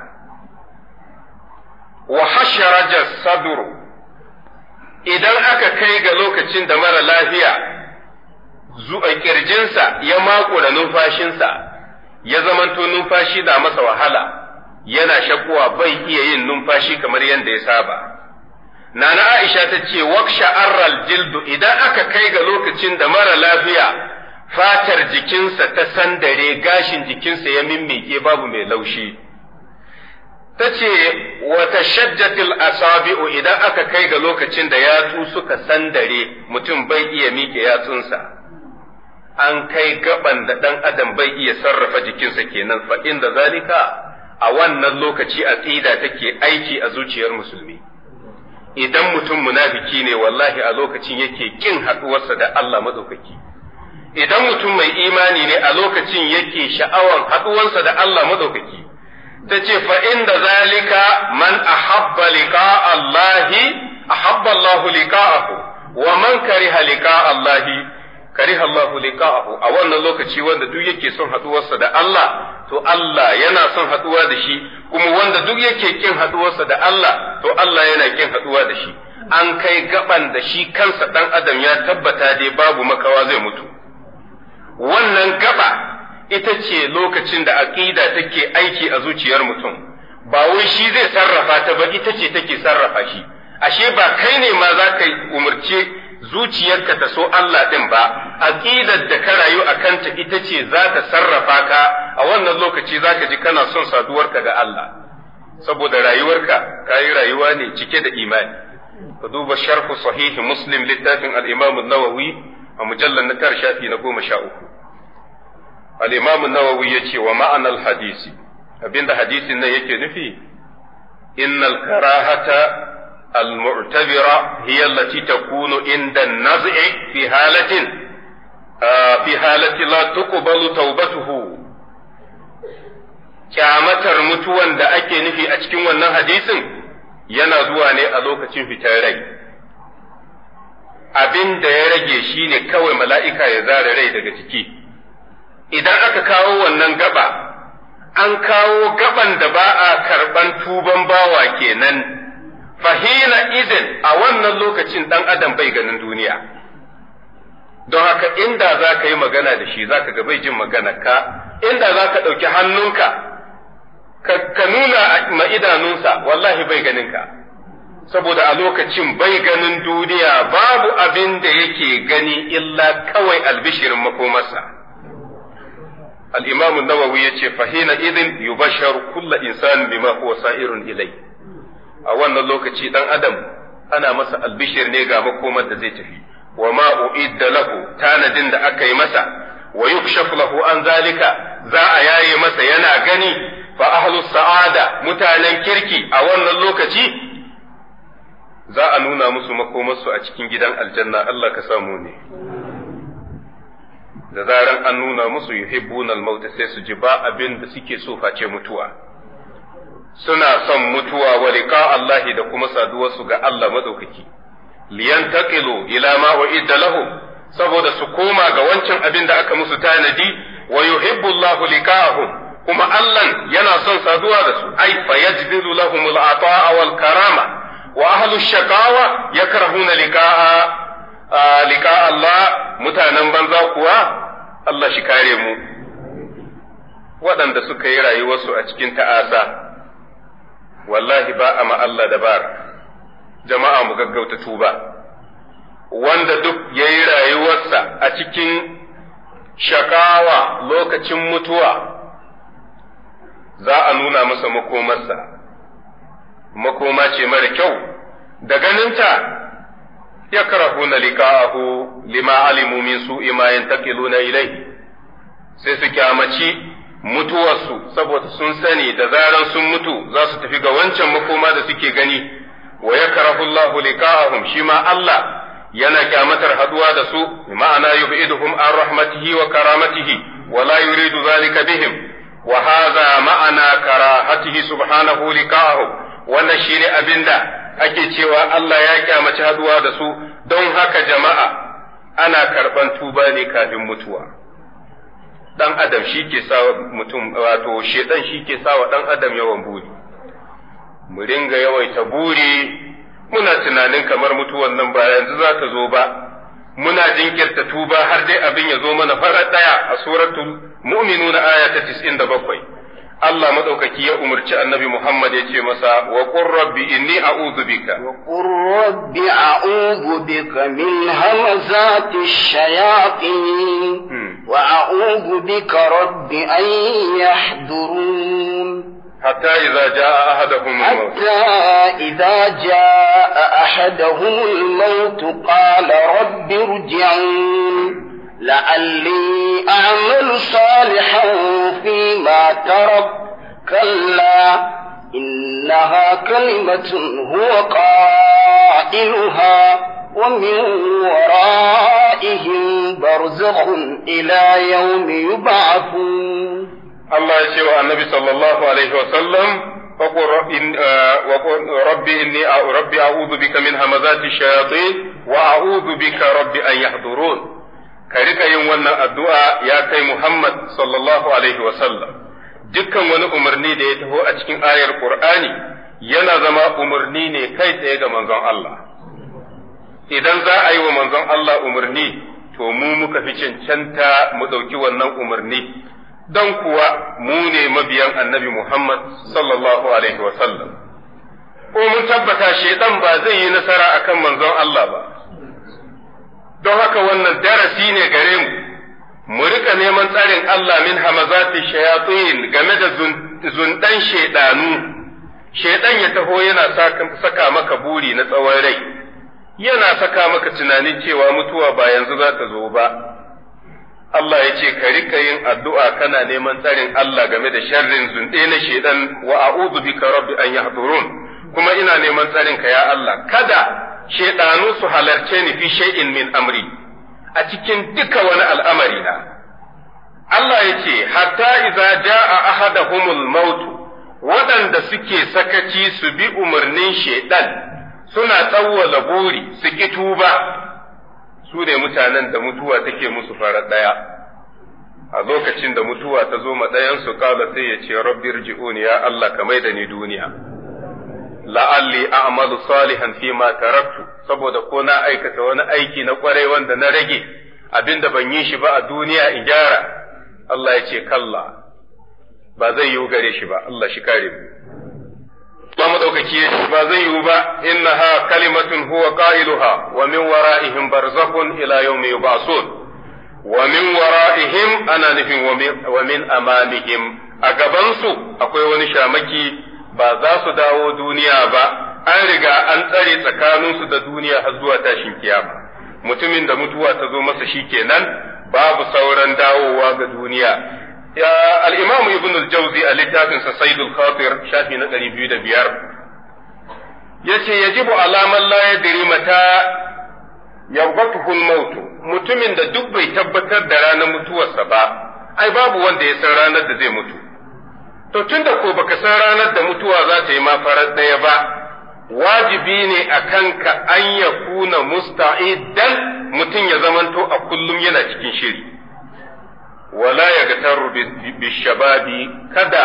wa hasharaja sadru idan aka kai ga lokacin da mara lafiya zuwa eh, ƙirjinsa ya mako numfashinsa ya zamanto numfashi da masa wahala yana shakuwa bai iya yin numfashi kamar yadda ya saba nana aisha ta ce waksha arral jildu idan aka kai ga lokacin da mara lafiya fatar jikinsa ta sandare gashin jikinsa ya mimmike babu mai laushi ta ce wata shajjatil asabi'u idan aka kai ga lokacin da yatsu suka sandare mutum bai iya miƙe yatsunsa an kai gaban da ɗan adam bai iya sarrafa jikinsa kenan fa da zalika a wannan lokaci a tsida take aiki a zuciyar musulmi idan mutum munafiki ne wallahi a lokacin yake kin haɗuwarsa da Allah madaukaki idan mutum mai imani ne a lokacin yake sha'awan haɗuwarsa da Allah madaukaki ta ce fa inda zalika man ahabba liqa Allahi ahabba Allahu liqa'ahu wa man kariha liqa Allahi kariha Allahu liqa'ahu a wannan lokaci wanda duk yake son haduwarsa da Allah to Allah yana son haduwa da shi kuma wanda duk yake kin haduwarsa da Allah to Allah yana kin haduwa da shi an kai gaban da shi kansa ɗan adam ya tabbata dai babu makawa zai mutu wannan gaba ita ce lokacin da aƙida take aiki a zuciyar mutum ba wai shi zai sarrafa ta ba ita ce take sarrafa shi ashe ba kai ne ma za ka umarce zuciyarka ta so Allah ɗin ba aƙidar da ka rayu a kanta ita ce za ta sarrafa ka a wannan lokaci za ka ji kana son saduwarka ga Allah saboda rayuwarka ka yi rayuwa ne cike da imani ka duba sharhu sahihi muslim littafin al-imam an-nawawi a mujallar na tara shafi na goma sha uku al-imam an-nawawi yace wa ma'anar hadisi na hadisin nan yake nufi innal karahata المعتبرة هي التي تكون عند النزع في حالة في حالة لا تقبل توبته kyamatar mutuwan da ake nufi a cikin wannan hadisin yana zuwa ne a lokacin fitar rai abin da ya rage shine kawai mala'ika ya zare rai daga ciki idan aka kawo wannan gaba an kawo gaban da ba a karban tuban bawa kenan fahina idin a wannan lokacin ɗan adam bai ganin duniya don haka inda za ka yi magana da shi za ka ga bai jin magana ka inda za ka ɗauki hannunka ka nuna ma idanunsa wallahi bai ganin ka saboda a lokacin bai ganin duniya babu abin da yake gani illa kawai albishirin makomarsa al-imam an-nawawi yace fa hina idin yubashsharu kullu insan bima irin ilai a wannan lokaci dan adam ana masa albishir ne ga makoman da zai tafi wa ma uidda lahu tanadin da aka yi masa wa yukshaf lahu an zalika za a yaye masa yana gani fa ahlu sa'ada mutanen kirki a wannan lokaci za a nuna musu makomarsu a cikin gidan aljanna Allah ka samu ne da zaran an nuna musu yuhibbuna al-maut sai su ji ba abin da suke so face mutuwa suna son mutuwa wa liqa Allah da kuma saduwar su ga Allah madaukaki liyantaqilu ila ma wa'ida lahum saboda su koma ga wancan abin da aka musu tanadi wa yuhibbu Allah liqa'ahum kuma Allah yana son saduwa da su ai fa yajdidu lahum al-ata'a wal karama wa ahlu ash-shaqawa yakrahuna liqa'a liƙa Allah mutanen banza kuwa Allah shi kare mu waɗanda suka yi rayuwarsu a cikin ta'asa wallahi ba a ma Allah dabar jama'a mu gaggauta tuba wanda duk ya yi rayuwarsa a cikin shakawa lokacin mutuwa za a nuna masa makomarsa makoma ce mara kyau da ganinta yakrahuna liqa'ahu lima alimu min su'i ma yantaqiluna ilayhi sai su kyamaci mutuwarsu saboda sun sani da zaran sun mutu za su tafi ga wancan makoma da suke gani wa yakrahu Allahu liqa'ahum shi ma Allah yana kyamatar haduwa da su ma'ana yub'iduhum an rahmatihi wa karamatihi wa la yuridu zalika bihim wa hadha ma'ana karahatihi subhanahu liqa'ahum wannan shine abinda ake cewa Allah ya kyamaci haduwa da su don haka jama'a ana karban tuba ne kafin mutuwa dan adam shi ke sa mutum wato shedan shi ke sa wa dan adam yawan buri mu ringa yawaita buri muna tunanin kamar mutuwan nan ba yanzu za ta zo ba muna jinkirta tuba har dai abin ya zo mana farar ɗaya a suratul mu'minuna aya ta 97 Allah madaukaki ya umarci annabi Muhammad ya ce masa wa qur rabbi inni a'udhu bika wa qur rabbi a'udhu bika min hamazati shayatin wa a'udhu bika rabbi an yahdurun حتى إذا جاء أحدهم الموت حتى إذا جاء أحدهم الموت قال رب ارجعون لعلي أعمل صالحا فيما ترك كلا إنها كلمة هو قائلها ومن ورائهم برزخ إلى يوم يبعثون الله يسوى النبي صلى الله عليه وسلم وقل ربي آه، إني ربي أعوذ بك من همزات الشياطين وأعوذ بك ربي أن يحضرون ka rika yin wannan addu'a ya kai Muhammad sallallahu alaihi wasallam dukkan wani umarni da ya taho a cikin ayar Qur'ani yana zama umarni ne kai tsaye ga manzon Allah idan za a yi wa manzon Allah umarni to mu muka fi cancanta mu ɗauki wannan umarni don kuwa mu ne mabiyan annabi Muhammad sallallahu alaihi wasallam ko mun tabbata shaidan ba zai yi nasara akan manzon Allah ba don haka wannan darasi ne gare mu mu rika neman tsarin Allah min hamazati shayatin game da zundan shaidanu shaidan ya taho yana saka maka buri na tsawon rai yana saka maka tunanin cewa mutuwa ba yanzu za ta zo ba Allah ya ce ka rika yin addu'a kana neman tsarin Allah game da sharrin zunde na shaidan wa a'udhu bika rabbi an yahdurun kuma ina neman tsarin ka ya Allah kada shedanu su halarce ni fi shay'in min amri a cikin duka wani al'amari na Allah ya ce hatta idza jaa ahadahumul maut waɗanda suke sakaci su bi umarnin shedan suna tsawwala buri su ki tuba su ne mutanen da mutuwa take musu fara ɗaya a lokacin da mutuwa ta zo ma su kala sai ya ce rabbi ya Allah ka maida da ni duniya la'alli a'malu salihan fi ma taraktu saboda ko na aikata wani aiki na kwarai wanda na rage abinda ban yi shi ba a duniya in gyara Allah ya ce kalla ba zai yiwu gare shi ba Allah shi kare mu ba madaukaki ba zai yiwu ba innaha kalimatun huwa qailuha wa min wara'ihim barzakhun ila yawmi yub'asun wa min wara'ihim ana nufin wa min amamihim a gabansu akwai wani shamaki ba za su dawo duniya ba an riga an tsare tsakaninsu da duniya har zuwa tashin kiyama mutumin da mutuwa ta zo masa shi kenan babu sauran dawowa ga duniya ya al imam ibn al-jawzi a littafin sa saidul khatir shafi na 205 yace yajibu alaman la yadri mata yawbatuhu al-maut mutumin da duk bai tabbatar da ranar mutuwarsa ba ai babu wanda ya san ranar da zai mutu To da ko baka san ranar da mutuwa za ta yi ma farar ɗaya ba, wajibi ne a kanka an ya kuna musta'idan mutum ya zamanto a kullum yana cikin shiri. Wala ya ga tarru shababi kada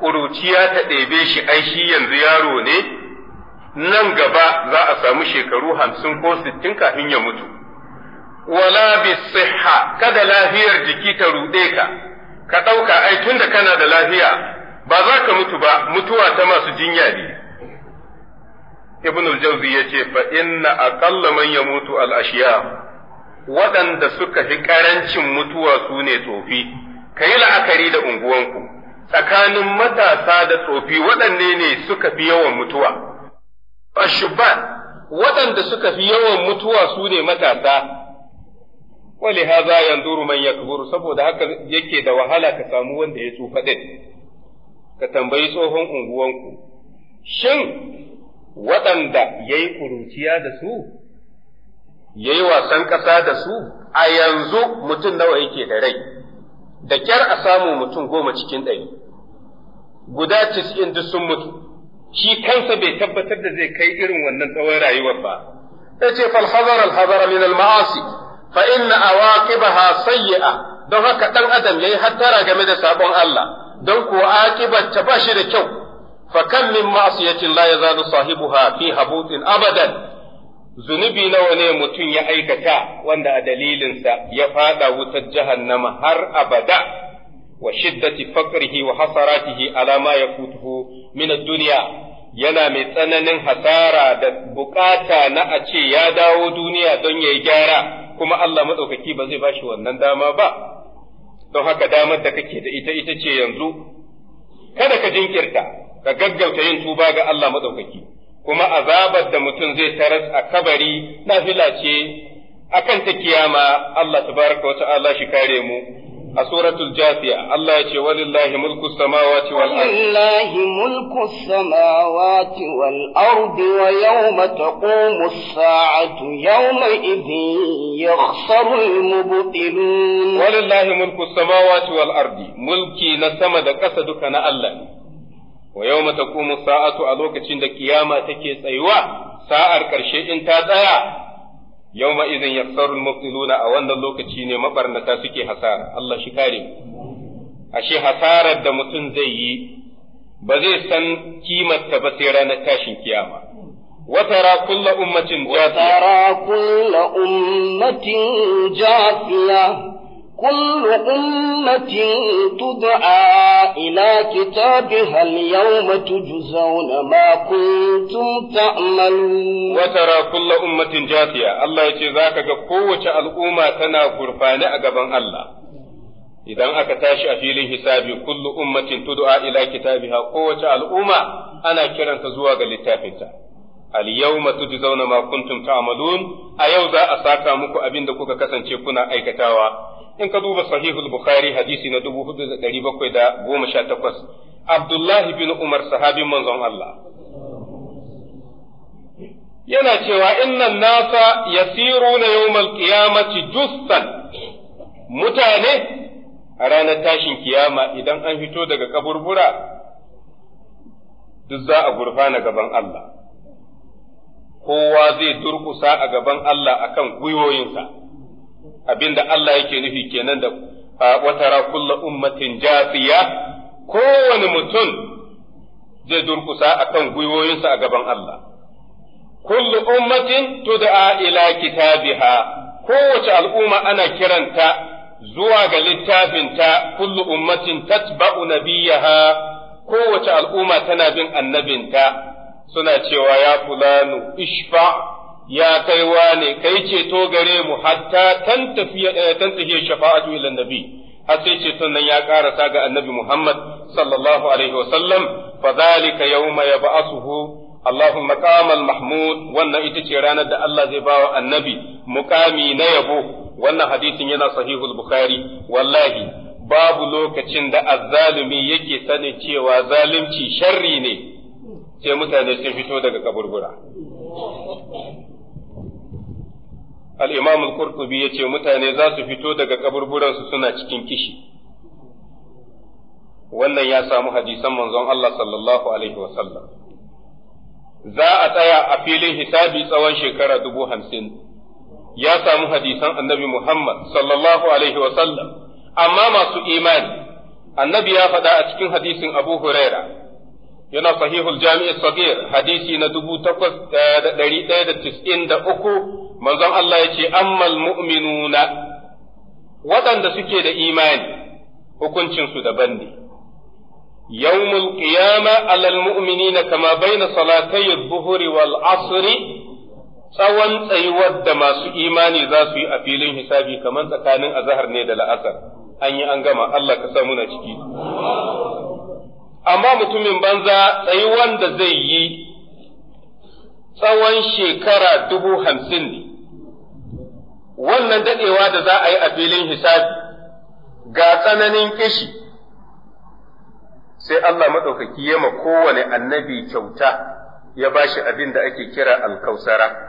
ƙuruciya ta ɗebe shi ai shi yanzu yaro ne, nan gaba za a samu shekaru hamsin ko sittin kafin ya mutu. Wala bi siha, kada lafiyar jiki ta ruɗe ka. ka ɗauka ai tun da kana da lafiya ba za ka mutu ba mutuwa ta masu jinya ne ibn al-jawzi yace fa inna aqalla man yamutu al-ashiya waɗanda suka fi ƙarancin mutuwa su ne tsofi kai la'akari da unguwanku tsakanin matasa da tsofi waɗanne ne suka fi yawan mutuwa ashubba waɗanda suka fi yawan mutuwa su ne matasa wali haza yanzuru man yakburu saboda haka yake da wahala ka samu wanda ya tsufa din ka tambayi tsohon unguwanku shin waɗanda ya yi ƙuruciya da su ya yi wasan ƙasa da su a yanzu mutum nawa yake da rai da kyar a samu mutum goma cikin ɗari guda cikin duk sun mutu shi kansa bai tabbatar da zai kai irin wannan tsawon rayuwar ba ya ce falhazar alhazar min al-ma'asi fa inna awaqibaha sayyi'a don haka dan adam yayi hattara game da sabon Allah don kuwa akibar ta bashi da kyau fa kam min ma'siyatin la yazalu sahibuha fi habutin abadan zunubi nawa ne mutum ya aikata wanda a dalilinsa ya fada wutar jahannama har abada wa shiddati faqrihi wa hasaratihi ala ma yafutuhu min ad-dunya yana mai tsananin hasara da bukata na a ce ya dawo duniya don yayi gyara kuma Allah maɗaukaki ba zai bashi wannan dama ba don haka damar da kake da ita ita ce yanzu kada ka jinkirta ka gaggauta yin tuba ga Allah matsaukaki kuma azabar da mutum zai taras a kabari nafila ce akan ta kiyama Allah Ta baraka wasu Allah shi kare mu a suratul jafiya Allah ya ce walillahi mulku samawati wal ardi walillahi mulku samawati wal ardi wa yawma taqumu as-sa'atu yawma idhin yakhsaru al-mubtilun walillahi mulku samawati wal ardi mulki na sama da ƙasa duka na Allah ne wa yawma taqumu as-sa'atu a lokacin da kiyama take tsayuwa sa'ar ƙarshe in ta tsaya yawma ya yaksarul mubtiluna a wannan lokaci ne mabarnata suke hasara Allah shi kare ashe hasarar da mutum zai yi ba zai san kimar ta ba sai ranar tashin kiyama وترى كل أمة جاثية وترى كل أمة جاثية كل أمة تدعى إلى كتابها اليوم تجزون ما كنتم تعملون وترى كل أمة جاثية الله يجي ذاك قوة الأمة تنا قرفان أقبان الله idan aka tashi a filin hisabi kullu ummatin tud'a ila kitabiha kowace al'umma ana kiranta zuwa ga littafinta al yawma tujzauna ma kuntum ta'malun a yau za a saka muku abin da kuka kasance kuna aikatawa in ka duba sahihul bukhari hadisi na takwas, abdullahi bin umar sahabin manzon Allah yana cewa innan nasa na yawmal ƙiyamaci jussan mutane a ranar tashin kiyama idan an fito daga kaburbura duk za a gurfana gaban Allah kowa zai durkusa a gaban Allah akan gwiwoyinsa abinda Allah yake nufi kenan da watara kulla ummatin jafiya kowane mutum zai durkusa akan gwiwoyinsa a gaban Allah kullu ummatin tud'a ila kitabiha kowace al'umma ana kiranta zuwa ga littafinta kullu ummatin tatba'u nabiyaha kowace al'umma tana bin annabinta suna cewa ya fulanu ishfa ya kai wane kai ceto gare mu hatta tan tafiye eh, shafa'atu ila nabi har sai ceton nan ya karasa ga annabi Muhammad sallallahu alaihi wasallam fa zalika yawma yab'athuhu Allahu maqamal mahmud wannan ita ce ranar da Allah zai bawa annabi muqami na yabo wannan hadisin yana sahihul bukhari wallahi babu lokacin da azzalumi yake sanin cewa zalunci sharri ne sai mutane sun fito daga kaburbura al-imam ya ce mutane za su fito daga kaburburan suna cikin kishi wannan ya samu hadisan manzon Allah sallallahu alaihi wasallam za a tsaya a filin hisabi tsawon shekara dubu hamsin ya samu hadisan annabi Muhammad sallallahu alaihi wasallam amma masu imani annabi ya faɗa a cikin hadisin Abu Huraira yana sahihul jami'i sagir hadisi na dubu takwas eh, da ɗari ɗaya da tis'in da uku manzon Allah ya ce ammal mu'minuna waɗanda suke da imani hukuncinsu daban ne yawmul qiyama alal mu'minina kama baina salatayi adh-dhuhri wal tsawon tsayuwar da masu imani za su yi a filin hisabi kamar tsakanin azahar ne da la'asar an yi an gama Allah ka sa muna ciki amma mutumin banza tsayuwan da zai yi tsawon shekara dubu hamsin ne wannan daɗewa da za a yi a filin hisabi ga tsananin kishi sai Allah maɗaukaki ya ma kowane annabi kyauta ya ba shi abin da ake kira alkausara.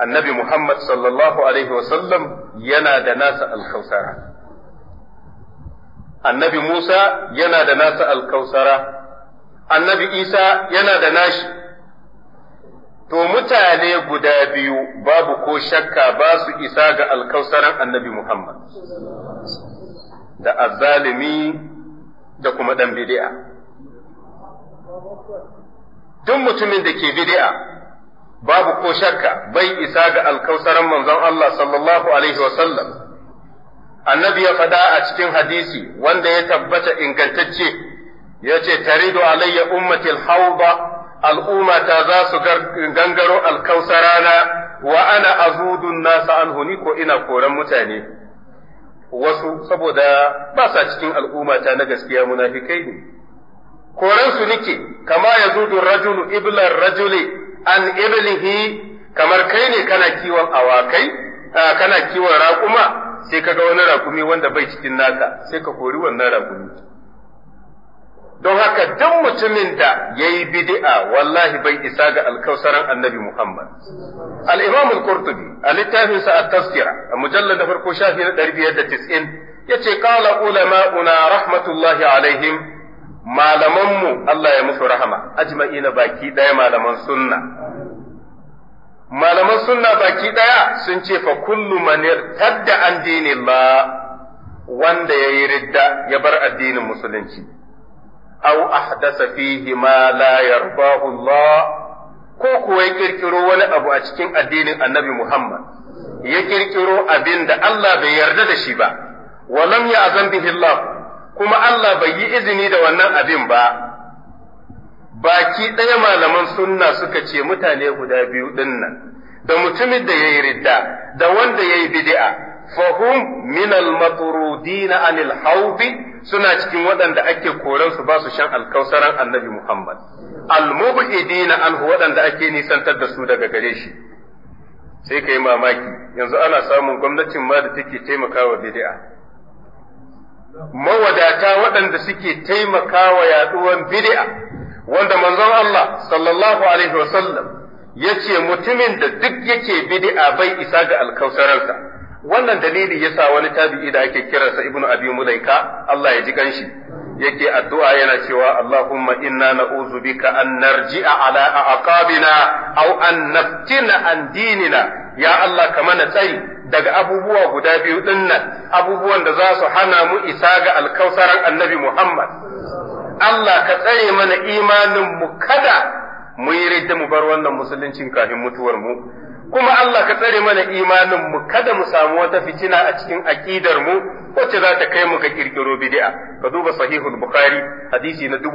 Annabi Muhammad sallallahu Alaihi wasallam yana da nasa alkausara. Annabi Musa yana da nasa alkausara. Annabi Isa yana da nashi. to mutane guda biyu babu ko shakka ba su isa ga alkausaran annabi Muhammad da azalimi da kuma ɗan bidi'a. Duk mutumin da ke bidi'a babu ko shakka bai isa ga alkausaran manzon Allah sallallahu Alaihi wasallam. Annabi ya faɗa a cikin hadisi wanda ya tabbata ingantacce ya ce taridu alayya ummatil hauba al'umma ta za su gangaro alkausarana wa ana azudun nasa an huni ko ina koran mutane wasu saboda ba sa cikin al'umma ta na gaskiya munafikai ne koran su nike kama yazudu rajulu iblar rajuli an iblihi kamar kai ne kana kiwon awakai kana kiwon raƙuma sai ka ga wani raƙumi wanda bai cikin naka sai ka kori wannan raƙumi don haka duk mutumin da ya yi bidi'a wallahi bai isa ga alkausaran annabi Muhammad. Al'imam al-Qurtubi a littafinsa a taskira a mujallar da farko shafi na ɗari biyar da tis'in ya ce kala una rahmatullahi alaihim malamanmu Allah ya musu rahama ajma'ina na baki ɗaya malaman sunna. Malaman sunna baki ɗaya sun ce fa kullu manir tadda an dinin wanda ya yi ridda ya bar addinin musulunci. aw ahdasa fihi ma ko kuwa ya kirkiro wani abu a cikin addinin Annabi Muhammad ya ƙirƙiro abin da Allah bai yarda da shi ba wa lam ya'zan bihi Allah kuma Allah bai yi izini da wannan abin ba baki ɗaya malaman sunna suka ce mutane guda biyu dinnan da mutumin da yayi ridda da wanda yayi bidi'a, fahum min al-matrudin anil hawfi suna cikin waɗanda ake koransu ba su shan alkausaran annabi Muhammad. Almubidina anhu waɗanda ake nisantar da su daga gare shi. Sai ka yi mamaki, yanzu ana samun gwamnatin ma da take taimakawa bid'a. Mawadata waɗanda suke taimakawa yaɗuwan bid'a, wanda manzon Allah sallallahu alaihi sallam ya ce mutumin da duk yake bid'a bai isa ga alkausaransa. wannan dalili yasa wani tabi'i da ake kiransa ibnu abi mulaika Allah ya ji ganshi yake addu'a yana cewa Allahumma inna na'udhu bika an narji'a ala aqabina aw an naftina an dinina ya Allah ka mana tsayi daga abubuwa guda biyu ɗinnan, abubuwan da za su hana mu isa ga alkausaran annabi Muhammad Allah ka tsare mana imanin mu kada mu yi mu bar wannan musuluncin kafin mutuwar mu kuma Allah ka tsare mana imanin mu kada mu samu wata fitina a cikin aqidar mu wacce za ta kai mu ga kirkiro bid'a ka duba sahihul bukhari hadisi na 748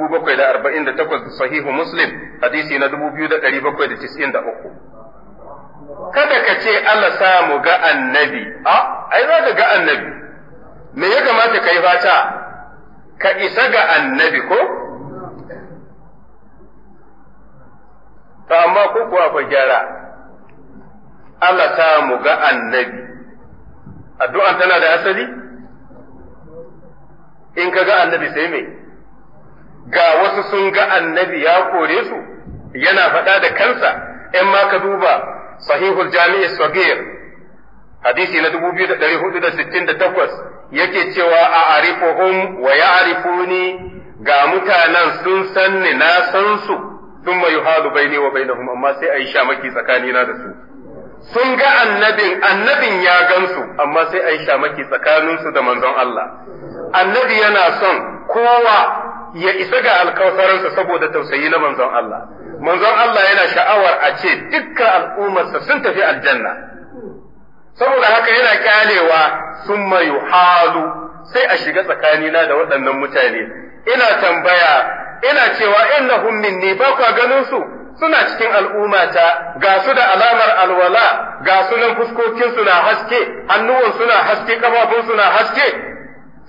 sahihu muslim hadisi na 2793 kada ka ce Allah sa mu ga annabi a ai za ka ga annabi me ya kamata kai fata ka isa ga annabi ko ta amma ko kuwa fa gyara Allah ta mu ga annabi addu'a tana da asali in ka ga annabi sai me ga wasu sun ga annabi ya kore su yana faɗa da kansa Yan ma ka duba sahihul jami'i sagir hadisi na 2468 yake cewa a arifuhum wa ya'rifuni ga mutanen sun san na san su thumma yuhadu baini wa bainahum amma sai a yi shamaki tsakanina da su sun ga annabin annabin ya gansu amma sai a yi shamaki tsakaninsu da manzon Allah annabi yana son kowa ya isa ga alkawarinsa saboda tausayi na manzon Allah manzon Allah yana sha'awar a ce dukkan al'ummarsa sun tafi aljanna saboda haka yana kyalewa sun mayu halu sai a shiga tsakanina da waɗannan mutane ina tambaya ina cewa innahum minni ba ku ganin su suna cikin al'ummata ga su da alamar alwala ga sunan fuskokinsu na haske hannuwan suna haske kafafun suna haske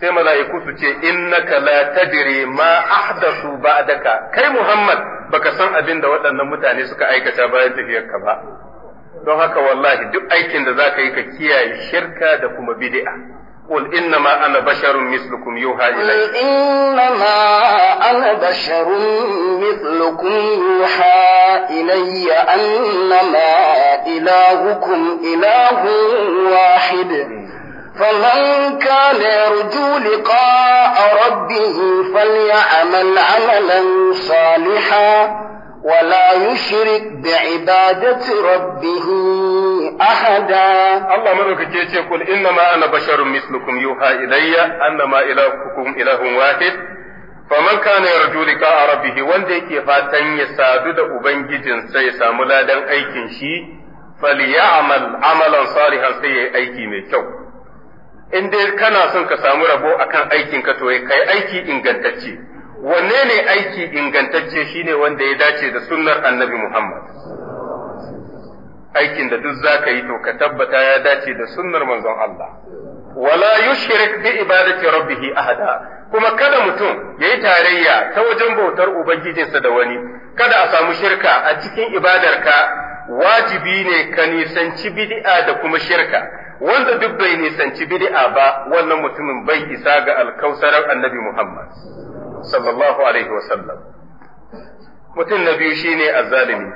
sai mala'iku su ce innaka la tadri ma ahdathu ba'daka kai Muhammad baka san abin da waɗannan mutane suka aikata bayan tafiyarka ba don haka wallahi duk aikin da zaka yi ka kiyaye shirka da kuma bid'a قل إنما أنا بشر مثلكم يوحى إلي قل إنما أنا بشر مثلكم يوحى إلي أنما إلهكم إله واحد فمن كان يرجو لقاء ربه فليعمل عملا صالحا ولا يشرك بعبادة ربه أحدا الله ملك جيتي يقول إنما أنا بشر مثلكم يوحى إلي أنما إلهكم إله واحد فمن كان يرجو لقاء ربه وندي فاتن يسادد أبنجد سيسا ملادا أيكن شي فليعمل عملا صالحا سيئ أيكي ميكو إن دي كان سنك سامو ربو أكان أيكن كتوي كي أيكي إنغنتشي wanne ne aiki ingantacce shine wanda ya dace da sunnar annabi Muhammad aikin da duk zaka yi to ka tabbata ya dace da sunnar manzon Allah wala yushrik bi ibadati rabbih ahada kuma kada mutum yayi tarayya ta wajen bautar ubangijinsa da wani kada a samu shirka a cikin ibadarka wajibi ne ka nisanci bid'a da kuma shirka wanda duk bai nisanci bid'a ba wannan mutumin bai isa ga alkausarar annabi Muhammad sallallahu alaihi wasallam mutum na biyu shine azzalimi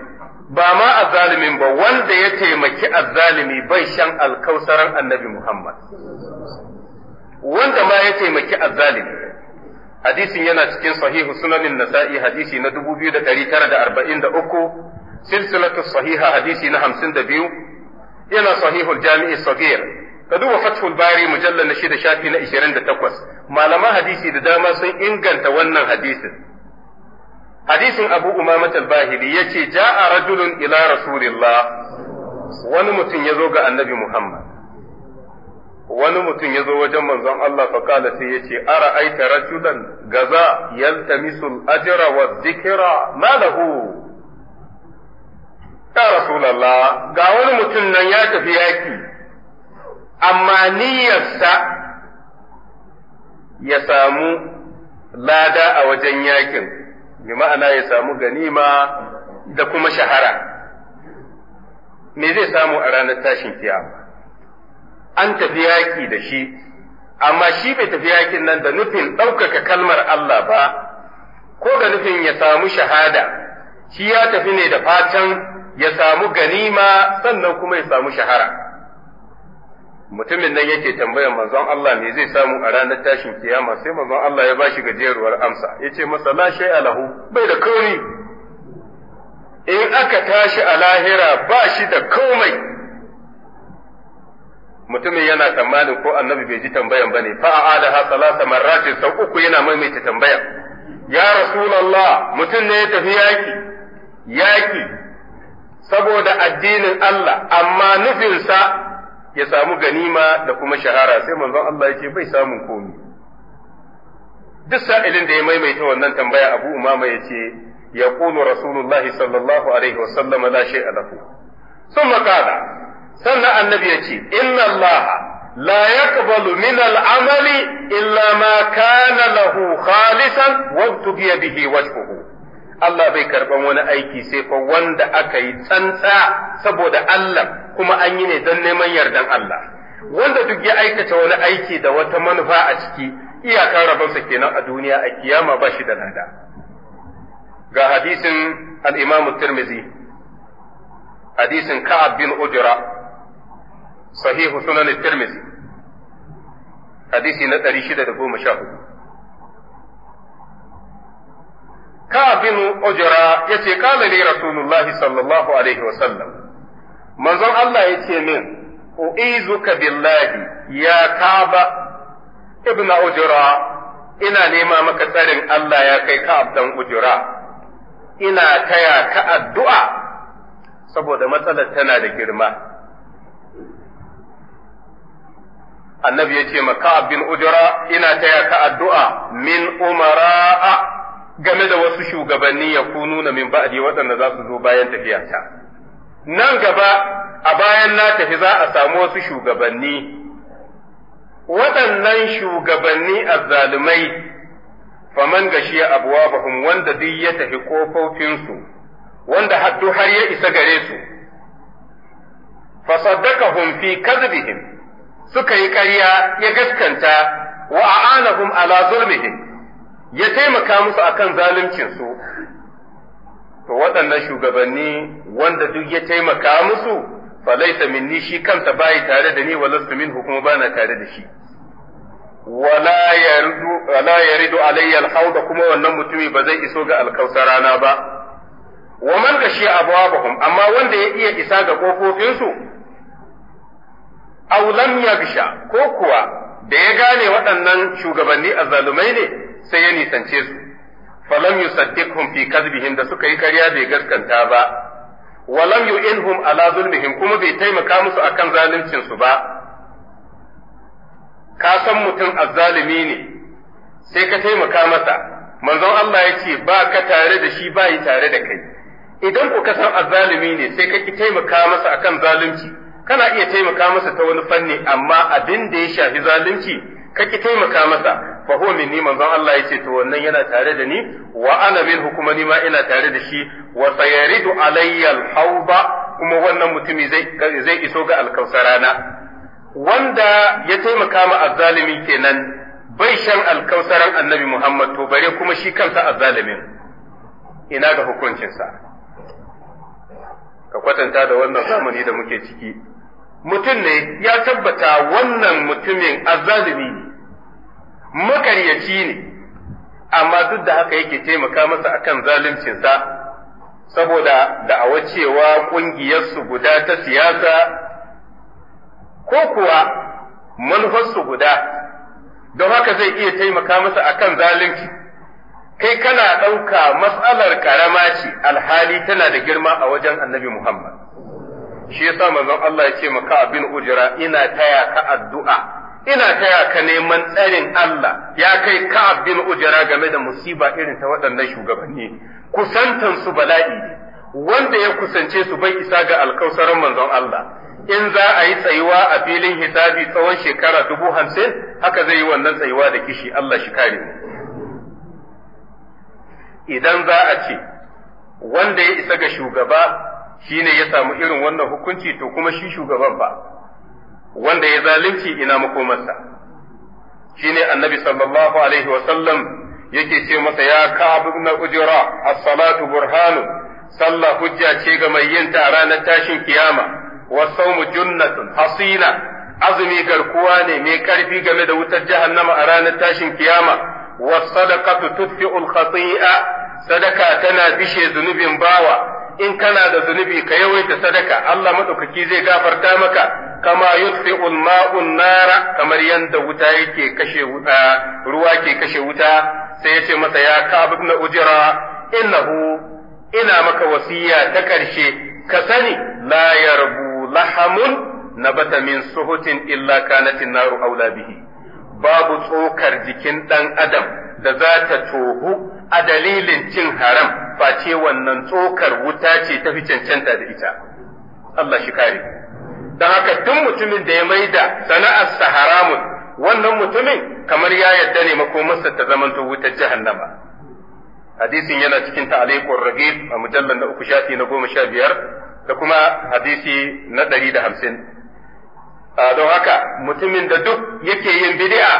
ba ma azzalimin ba wanda ya taimaki azzalimi bai shan alkausaran annabi Muhammad wanda ma ya taimaki azzalimi hadisin yana cikin sahihu sunanin nasa'i hadisi na 2943 silsilatu sahiha hadisi na 52 yana sahihul jami'i sagir ka duba fathul bari mujallar na shida shafi na takwas, malaman hadisi da dama sun inganta wannan hadisin hadisin abu umamat al-bahili yace ja'a rajulun ila rasulillah wani mutum zo ga annabi muhammad wani mutum yazo wajen manzon Allah fa kala sai yace ara aita rajulan gaza yaltamisu al-ajra wa dhikra ma lahu ya rasulullah ga wani mutum nan ya tafi yaki amma niyyarsa ya samu lada a wajen yakin bi ma'ana ya samu ganima da kuma shahara me zai samu a ranar tashin kiyama an tafi yaki da shi amma shi bai tafi yakin nan da nufin ɗaukaka kalmar Allah ba ko ga nufin ya samu shahada shi ya tafi ne da fatan ya samu ganima sannan kuma ya samu shahara mutumin nan yake tambayar manzon Allah me zai samu a ranar tashin kiyama sai manzon Allah ya bashi gajeruwar amsa yace masa la shay'a lahu bai da komai in aka tashi a lahira ba shi da komai mutumin yana tsammanin ko annabi bai ji tambayan bane fa ha salasa marratin sau uku yana maimaita tambaya ya rasulullah mutum ne ya tafi yaki yaki saboda addinin Allah amma nufinsa ya samu ganima da kuma shahara sai manzon Allah ya ce bai samun komi duk sa'ilin da ya maimaita wannan tambaya Abu Umama ya ce ya qulu Rasulullahi sallallahu alaihi wasallam la shay'a lahu Sun qala sannan annabi ya ce inna Allah la yaqbalu min al-amali illa ma kana lahu khalisan wa bihi wajhuhu Allah bai karɓan wani aiki sai fa wanda aka yi tsantsa saboda Allah kuma an yi ne don neman yardan Allah wanda duk ya aikata wani aiki da wata manufa a ciki iyakar rabonsa kenan a duniya a kiyama ba shi da lada ga hadisin al Tirmizi, hadisin Ka'ab bin Ujra sahihu sunan Tirmizi, hadisi na hudu. kabin ujra yace qala li rasulullahi sallallahu alaihi wasallam manzon Allah yace min u'izuka billahi ya kaba ibnu ujra ina nema maka tsarin Allah ya kai ka dan ujra ina taya ka addu'a saboda matsalar tana da girma annabi yace maka bin ujra ina taya ka addu'a min umara'a game da wasu shugabanni ya kunu na min ba'di waɗanda za su zo bayan tafiyata. Nan gaba a bayan na tafi za a samu wasu shugabanni, waɗannan shugabanni azzalumai faman gashiya abuwa bahum wanda duk ya tafi ƙofofinsu, wanda haddu har ya isa gare su, fasaddakahum fi kazbihim suka yi ƙarya ya gaskanta wa a'anahum ala zulmihim ya taimaka musu a kan zaluncinsu to waɗannan shugabanni wanda duk ya taimaka musu falaita minni shi ba bayi tare da ni wa min hukuma ba na tare da shi wala ya rido alayyar alayya kuma wannan mutumi ba zai iso ga alkausarana ba wa man gashi abwabahum amma wanda ya iya isa ga kofofinsu wulan ya bisha ko kuwa da ya gane waɗannan shugabanni a zalumai ne sai ya nisance su falam yusaddiqhum fi kadhbihim da suka yi karya bai gaskanta ba walam yu'inhum ala zulmihim kuma bai taimaka musu akan zaluncin su ba ka san mutum azzalimi ne sai ka taimaka masa manzon Allah yace ce ba ka tare da shi ba yi tare da kai idan ku ka san azzalimi ne sai ka ki taimaka masa akan zalunci kana iya taimaka masa ta wani fanni amma abin da ya shafi zalunci ka ki taimaka masa fa huwa minni manzon Allah yace to wannan yana tare da ni wa ana minhu hukuma ni ma ina tare da shi wa sayaridu alayya al-hawba kuma wannan mutumi zai zai iso ga alkausarana wanda ya taimaka ma azzalimi kenan bai shan alkausaran annabi Muhammad to bare kuma shi kansa azzalimin ina ga hukuncinsa ka kwatanta da wannan zamani da muke ciki mutum ne ya tabbata wannan mutumin azzalimi ne makaryaci ne amma duk da haka yake taimaka masa akan zaluncinsa saboda wacewa cewa ƙungiyarsu guda ta siyasa ko kuwa manufarsu guda don haka zai iya taimaka masa akan zalunci kai kana ɗauka matsalar ƙarama ce alhali tana da girma a wajen annabi Muhammad shi yasa manzon Allah ya ce maka abin ujira ina taya ka addu'a ina taya ka neman tsarin Allah ya kai ka bin ujira game da musiba irin ta waɗannan shugabanni kusantan su bala'i wanda ya kusance su bai isa ga alkausarin manzon Allah in za a yi tsayuwa a filin hisabi tsawon shekara dubu hamsin haka zai yi wannan tsayuwa da kishi Allah shi kare idan za a ce wanda ya isa ga shugaba shine ya samu irin wannan hukunci to kuma shi shugaban ba wanda ya zalunci ina makomarsa ne annabi sallallahu alaihi wasallam yake ce masa ya kabu na ujura as-salatu burhanu sallah hujja ce ga mai yin ta ranar tashin kiyama wa sawmu junnatun hasina azumi garkuwa ne mai karfi game da wutar jahannama a ranar tashin kiyama wa sadaqatu tudfi'ul khati'a sadaka tana bishe zunubin bawa in kana da zunubi ka yawaita sadaka Allah madaukaki zai gafarta maka kama yutfi'u al-ma'u nara kamar yadda wuta yake kashe wuta ruwa ke kashe wuta sai ya ce masa ya kabu na ujira innahu ina maka wasiya ta karshe ka sani la yarbu lahamun nabata min suhutin illa kanat an-naru aula bihi babu tsokar jikin dan adam da za ta tohu a dalilin cin haram face wannan tsokar wuta ce ta fi cancanta da ita Allah shi kare da haka duk mutumin da ya maida sana'arsa haramun wannan mutumin kamar ya yarda ne makomarsa ta zamanto wutar jahannama hadisin yana cikin ta'aliqur ragib a mujallar na uku shafi na goma sha biyar da kuma hadisi na ɗari da hamsin don haka mutumin da duk yake yin bidi'a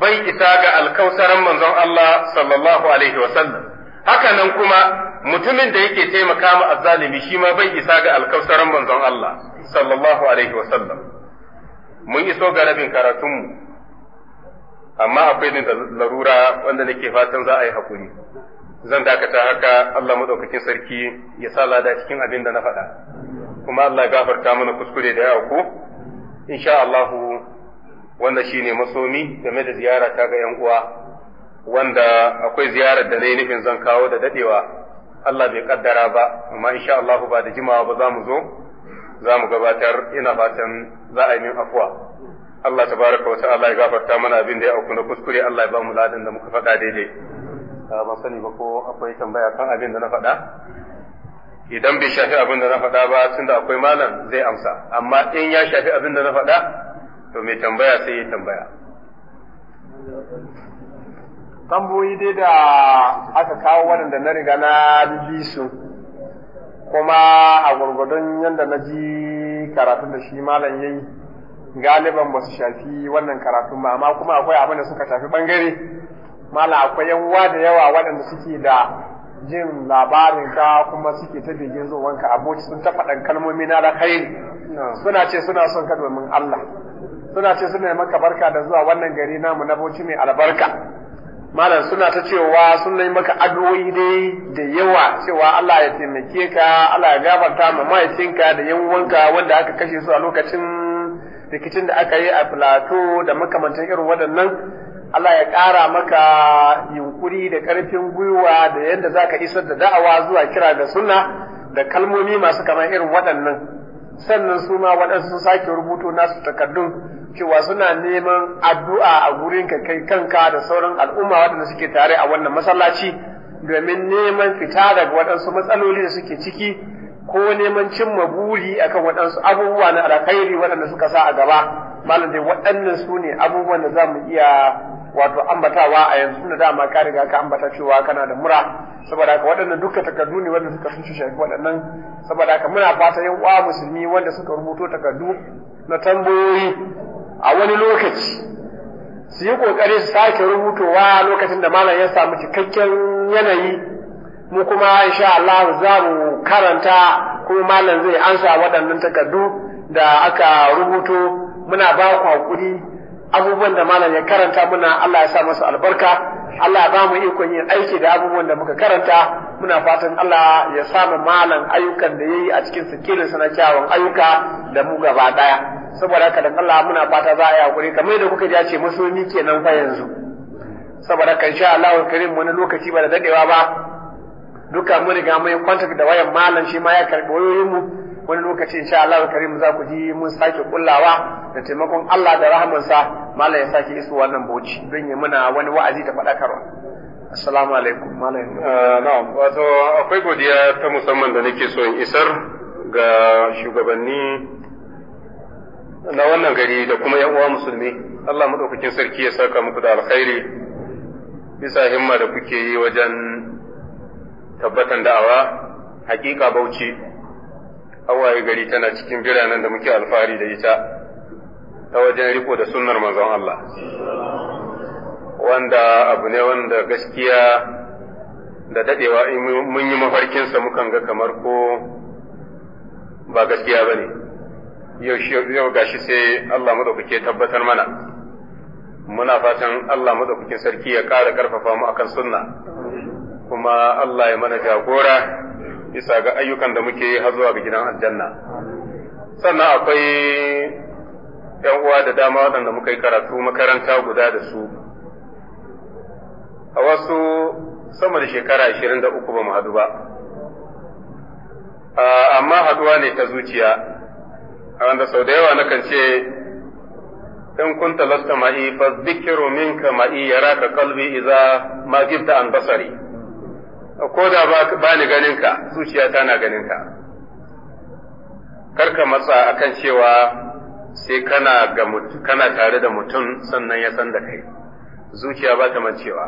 bai isa ga alkausaran manzon Allah sallallahu alaihi wasallam haka nan kuma mutumin da yake taimaka ma azzalimi shi ma bai isa ga alkausaran manzon Allah sallallahu alaihi wa sallam. mun iso ga rabin karatunmu amma akwai da larura wanda nake fatan za a yi hakuri zan dakata haka Allah madaukakin sarki ya sa lada cikin abin da na faɗa kuma Allah ya gafarta mana kuskure da yawa ko insha Allah wannan shine masomi game da ziyara ta ga yan uwa wanda akwai ziyarar da na yi nufin zan kawo da dadewa Allah bai kaddara ba amma insha Allah ba da jimawa ba za mu zo za mu gabatar ina fatan za a yi min afuwa Allah tabaraka wa ta'ala ya gafarta mana abin da ya auku na kuskure Allah ya ba mu ladan da muka faɗa daidai ah, ba sani ba ko akwai tambaya kan abin da na faɗa idan bai shafi abin da na faɗa ba tunda akwai malam zai amsa amma in ya shafi abin da na faɗa to mai tambaya sai ya tambaya tamboyi dai da aka kawo waɗanda na riga na bi su kuma a gwargwadon yadda na ji karatun da shi malam ya yi galiban ba su shafi wannan karatun ba amma kuma akwai abin da suka shafi bangare malam akwai yawa da yawa waɗanda suke da jin labarin ka kuma suke ta bigin ka, aboci sun ta faɗan kalmomi na da kai, suna ce suna son ka domin Allah suna ce suna maka barka da zuwa wannan gari namu na boci mai albarka malam suna ta cewa sun yi maka addu'o'i dai da yawa cewa Allah ya taimake ka Allah ya gafarta ma mahaifinka da yan uwanka wanda aka kashe su a lokacin rikicin da aka yi a filato da makamantan irin waɗannan Allah ya ƙara maka yunkuri da ƙarfin gwiwa da yadda za ka isar da da'awa zuwa kira da sunna da kalmomi masu kamar irin waɗannan sannan su ma waɗansu sun sake rubuto nasu takardun cewa suna neman addu'a a gurin ka kai kanka da sauran al'umma waɗanda suke tare a wannan masallaci domin neman fita daga waɗansu matsaloli da suke ciki ko neman cimma buri akan waɗansu abubuwa na alkhairi waɗanda suka sa a gaba malam dai waɗannan su ne abubuwan da za mu iya wato ambatawa a yanzu da dama ka riga ka ambata cewa kana da mura saboda haka waɗannan duka takardu ne wanda suka sun shafi waɗannan saboda haka muna fata yan uwa musulmi wanda suka rubuto takardu na tambayoyi a wani lokaci su yi kokari su sake rubutowa lokacin da malam ya samu cikakken yanayi mu kuma insha Allah za mu karanta kuma malam zai ansa waɗannan takardu da aka rubuto muna ba ku hakuri abubuwan da malam ya karanta muna Allah ya sa masa albarka Allah ya ba mu ikon yin aiki da abubuwan da muka karanta muna fatan Allah ya sa mu malam ayyukan da yayi a cikin sa na kyawun ayyuka da mu gaba daya saboda haka dan Allah muna fata za a yi hakuri kamar da kuka ji ce musulmi kenan fa yanzu saboda kan sha Allah karim wani lokaci ba da dadewa ba duka mun riga mun kwanta da wayan malam shi ma ya karbi wayoyin mu wani lokaci insha Allah karim za ku ji mun sake kullawa da taimakon Allah da rahamansa malam ya sake iso wannan boci don yi muna wani wa'azi da faɗakarwa assalamu alaikum malam uh, na'am wato akwai godiya ta musamman da nake so in isar ga shugabanni na wannan gari da kuma yan uwa musulmi Allah madaukakin sarki ya saka muku da alkhairi bisa himma da kuke yi wajen tabbatan da'awa hakika bauchi hawaye gari tana cikin biranen da muke alfahari da ita ta wajen riko da sunnar manzon Allah wanda abu ne wanda gaskiya da dadewa mun yi mafarkinsa mukan ga kamar ko ba gaskiya ba ne yau gashi sai Allah maɗaukake tabbatar mana muna fatan Allah maɗaukakin sarki ya ƙara ƙarfafa mu akan sunna kuma Allah ya mana jagora bisa ga ayyukan da muke har zuwa ga gidan aljanna sannan akwai ‘yan uwa da dama waɗanda muka yi karatu makaranta guda da su, a wasu sama da shekara ashirin da uku ba mu hadu ba, amma haɗuwa ne ta zuciya, a wanda sau da yawa nakan ce, in kun talasta ma'i fa zikiru minka ma'i ya ka kalbi iza ma gifta an basari, ko da ba ni ganinka, zuciya tana ganinka. ka matsa akan cewa sai kana ga kana tare da mutum sannan ya san da kai zuciya ba ta mancewa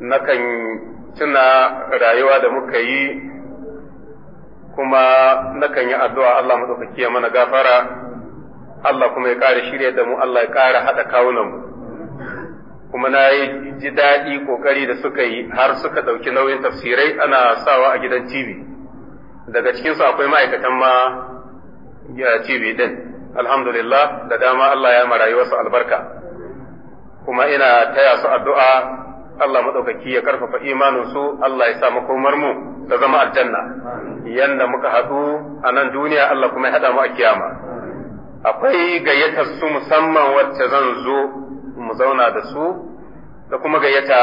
nakan tuna rayuwa da muka yi kuma nakan yi addu'a Allah maɗaukaki ya mana gafara Allah kuma ya ƙara shirya da mu Allah ya ƙara haɗa mu. kuma na yi ji daɗi ƙoƙari da suka yi har suka ɗauki nauyin tafsirai ana sawa a gidan TV daga cikinsu akwai ma'aikatan ma TV din alhamdulillah da dama Allah ya marayuwarsu albarka kuma ina taya su addu'a Allah maɗaukaki ya karfafa imaninsu Allah ya sa makomar mu da zama aljanna yanda muka haɗu a nan duniya Allah kuma ya haɗa mu a kiyama akwai gayyatar su musamman wacce zan zo mu zauna da su da kuma gayyata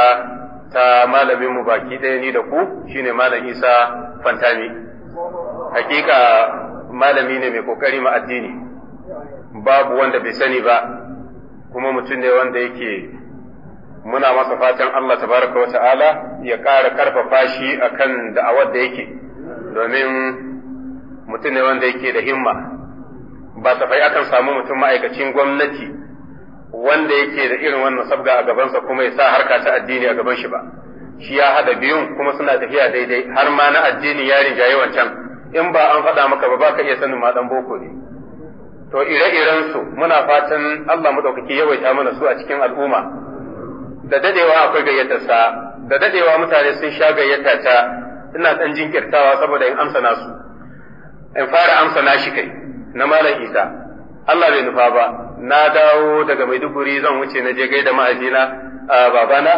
ta malamin mu baki ɗaya ni da ku shine malam Isa Fantami hakika malami ne mai kokari ma addini babu wanda bai sani ba kuma mutum ne wanda yake muna masa fatan Allah tabaraka wa ta'ala ya ƙara karfafa shi akan da'awar da yake domin mutum ne wanda yake da himma ba ta fai akan samu mutum ma'aikacin gwamnati wanda yake da irin wannan sabga a gabansa kuma ya sa harka ta addini a gaban shi ba shi ya haɗa biyun kuma suna tafiya daidai har ma na addini ya rinjaye wancan in ba an faɗa maka ba ba ka iya sanin ma ɗan boko ne to ire-iren su muna fatan Allah ɗaukaki yawaita mana su a cikin al'umma da dadewa akwai gayyatar sa da dadewa mutane sun sha gayyata ta ina dan jinkirtawa saboda in amsa nasu in fara amsa na shi kai na malam Isa Allah bai nufa ba na dawo daga Maiduguri zan wuce na je gaida mahaifina babana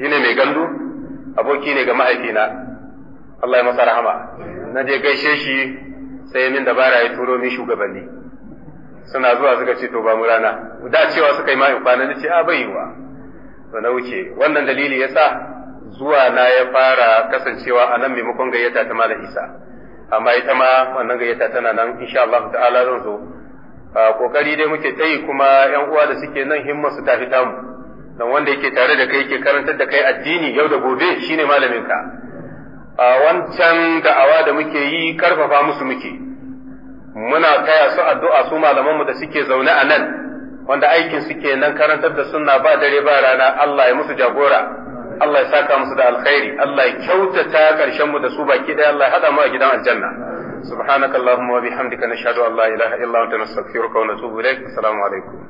shi ne mai gandu aboki ne ga mahaifina Allah ya masa rahama na je gaishe shi sai min dabara ya turo min shugabanni suna zuwa suka ce to ba mu rana da cewa suka yi ma in kwana nace a bai wa to na wuce wannan dalili yasa zuwa na ya fara kasancewa a nan maimakon gayyata ta malam Isa amma ita ma wannan gayyata tana nan insha Allah ta'ala zan zo kokari dai muke tayi kuma yan uwa da suke nan himma su tafi tamu dan wanda yake tare da kai yake karantar da kai addini yau da gobe shine malamin ka a wancan da'awa da muke yi karfafa musu muke muna kaya su addu'a su malamanmu da suke zaune a nan wanda aikin suke nan karantar da sunna ba dare ba rana Allah ya musu jagora Allah ya saka musu da alkhairi Allah ya kyautata karshen mu da su baki da. Allah ya hada mu a gidan aljanna subhanakallahumma wa bihamdika nashhadu an la ilaha illa anta nastaghfiruka wa natubu ilaik assalamu alaikum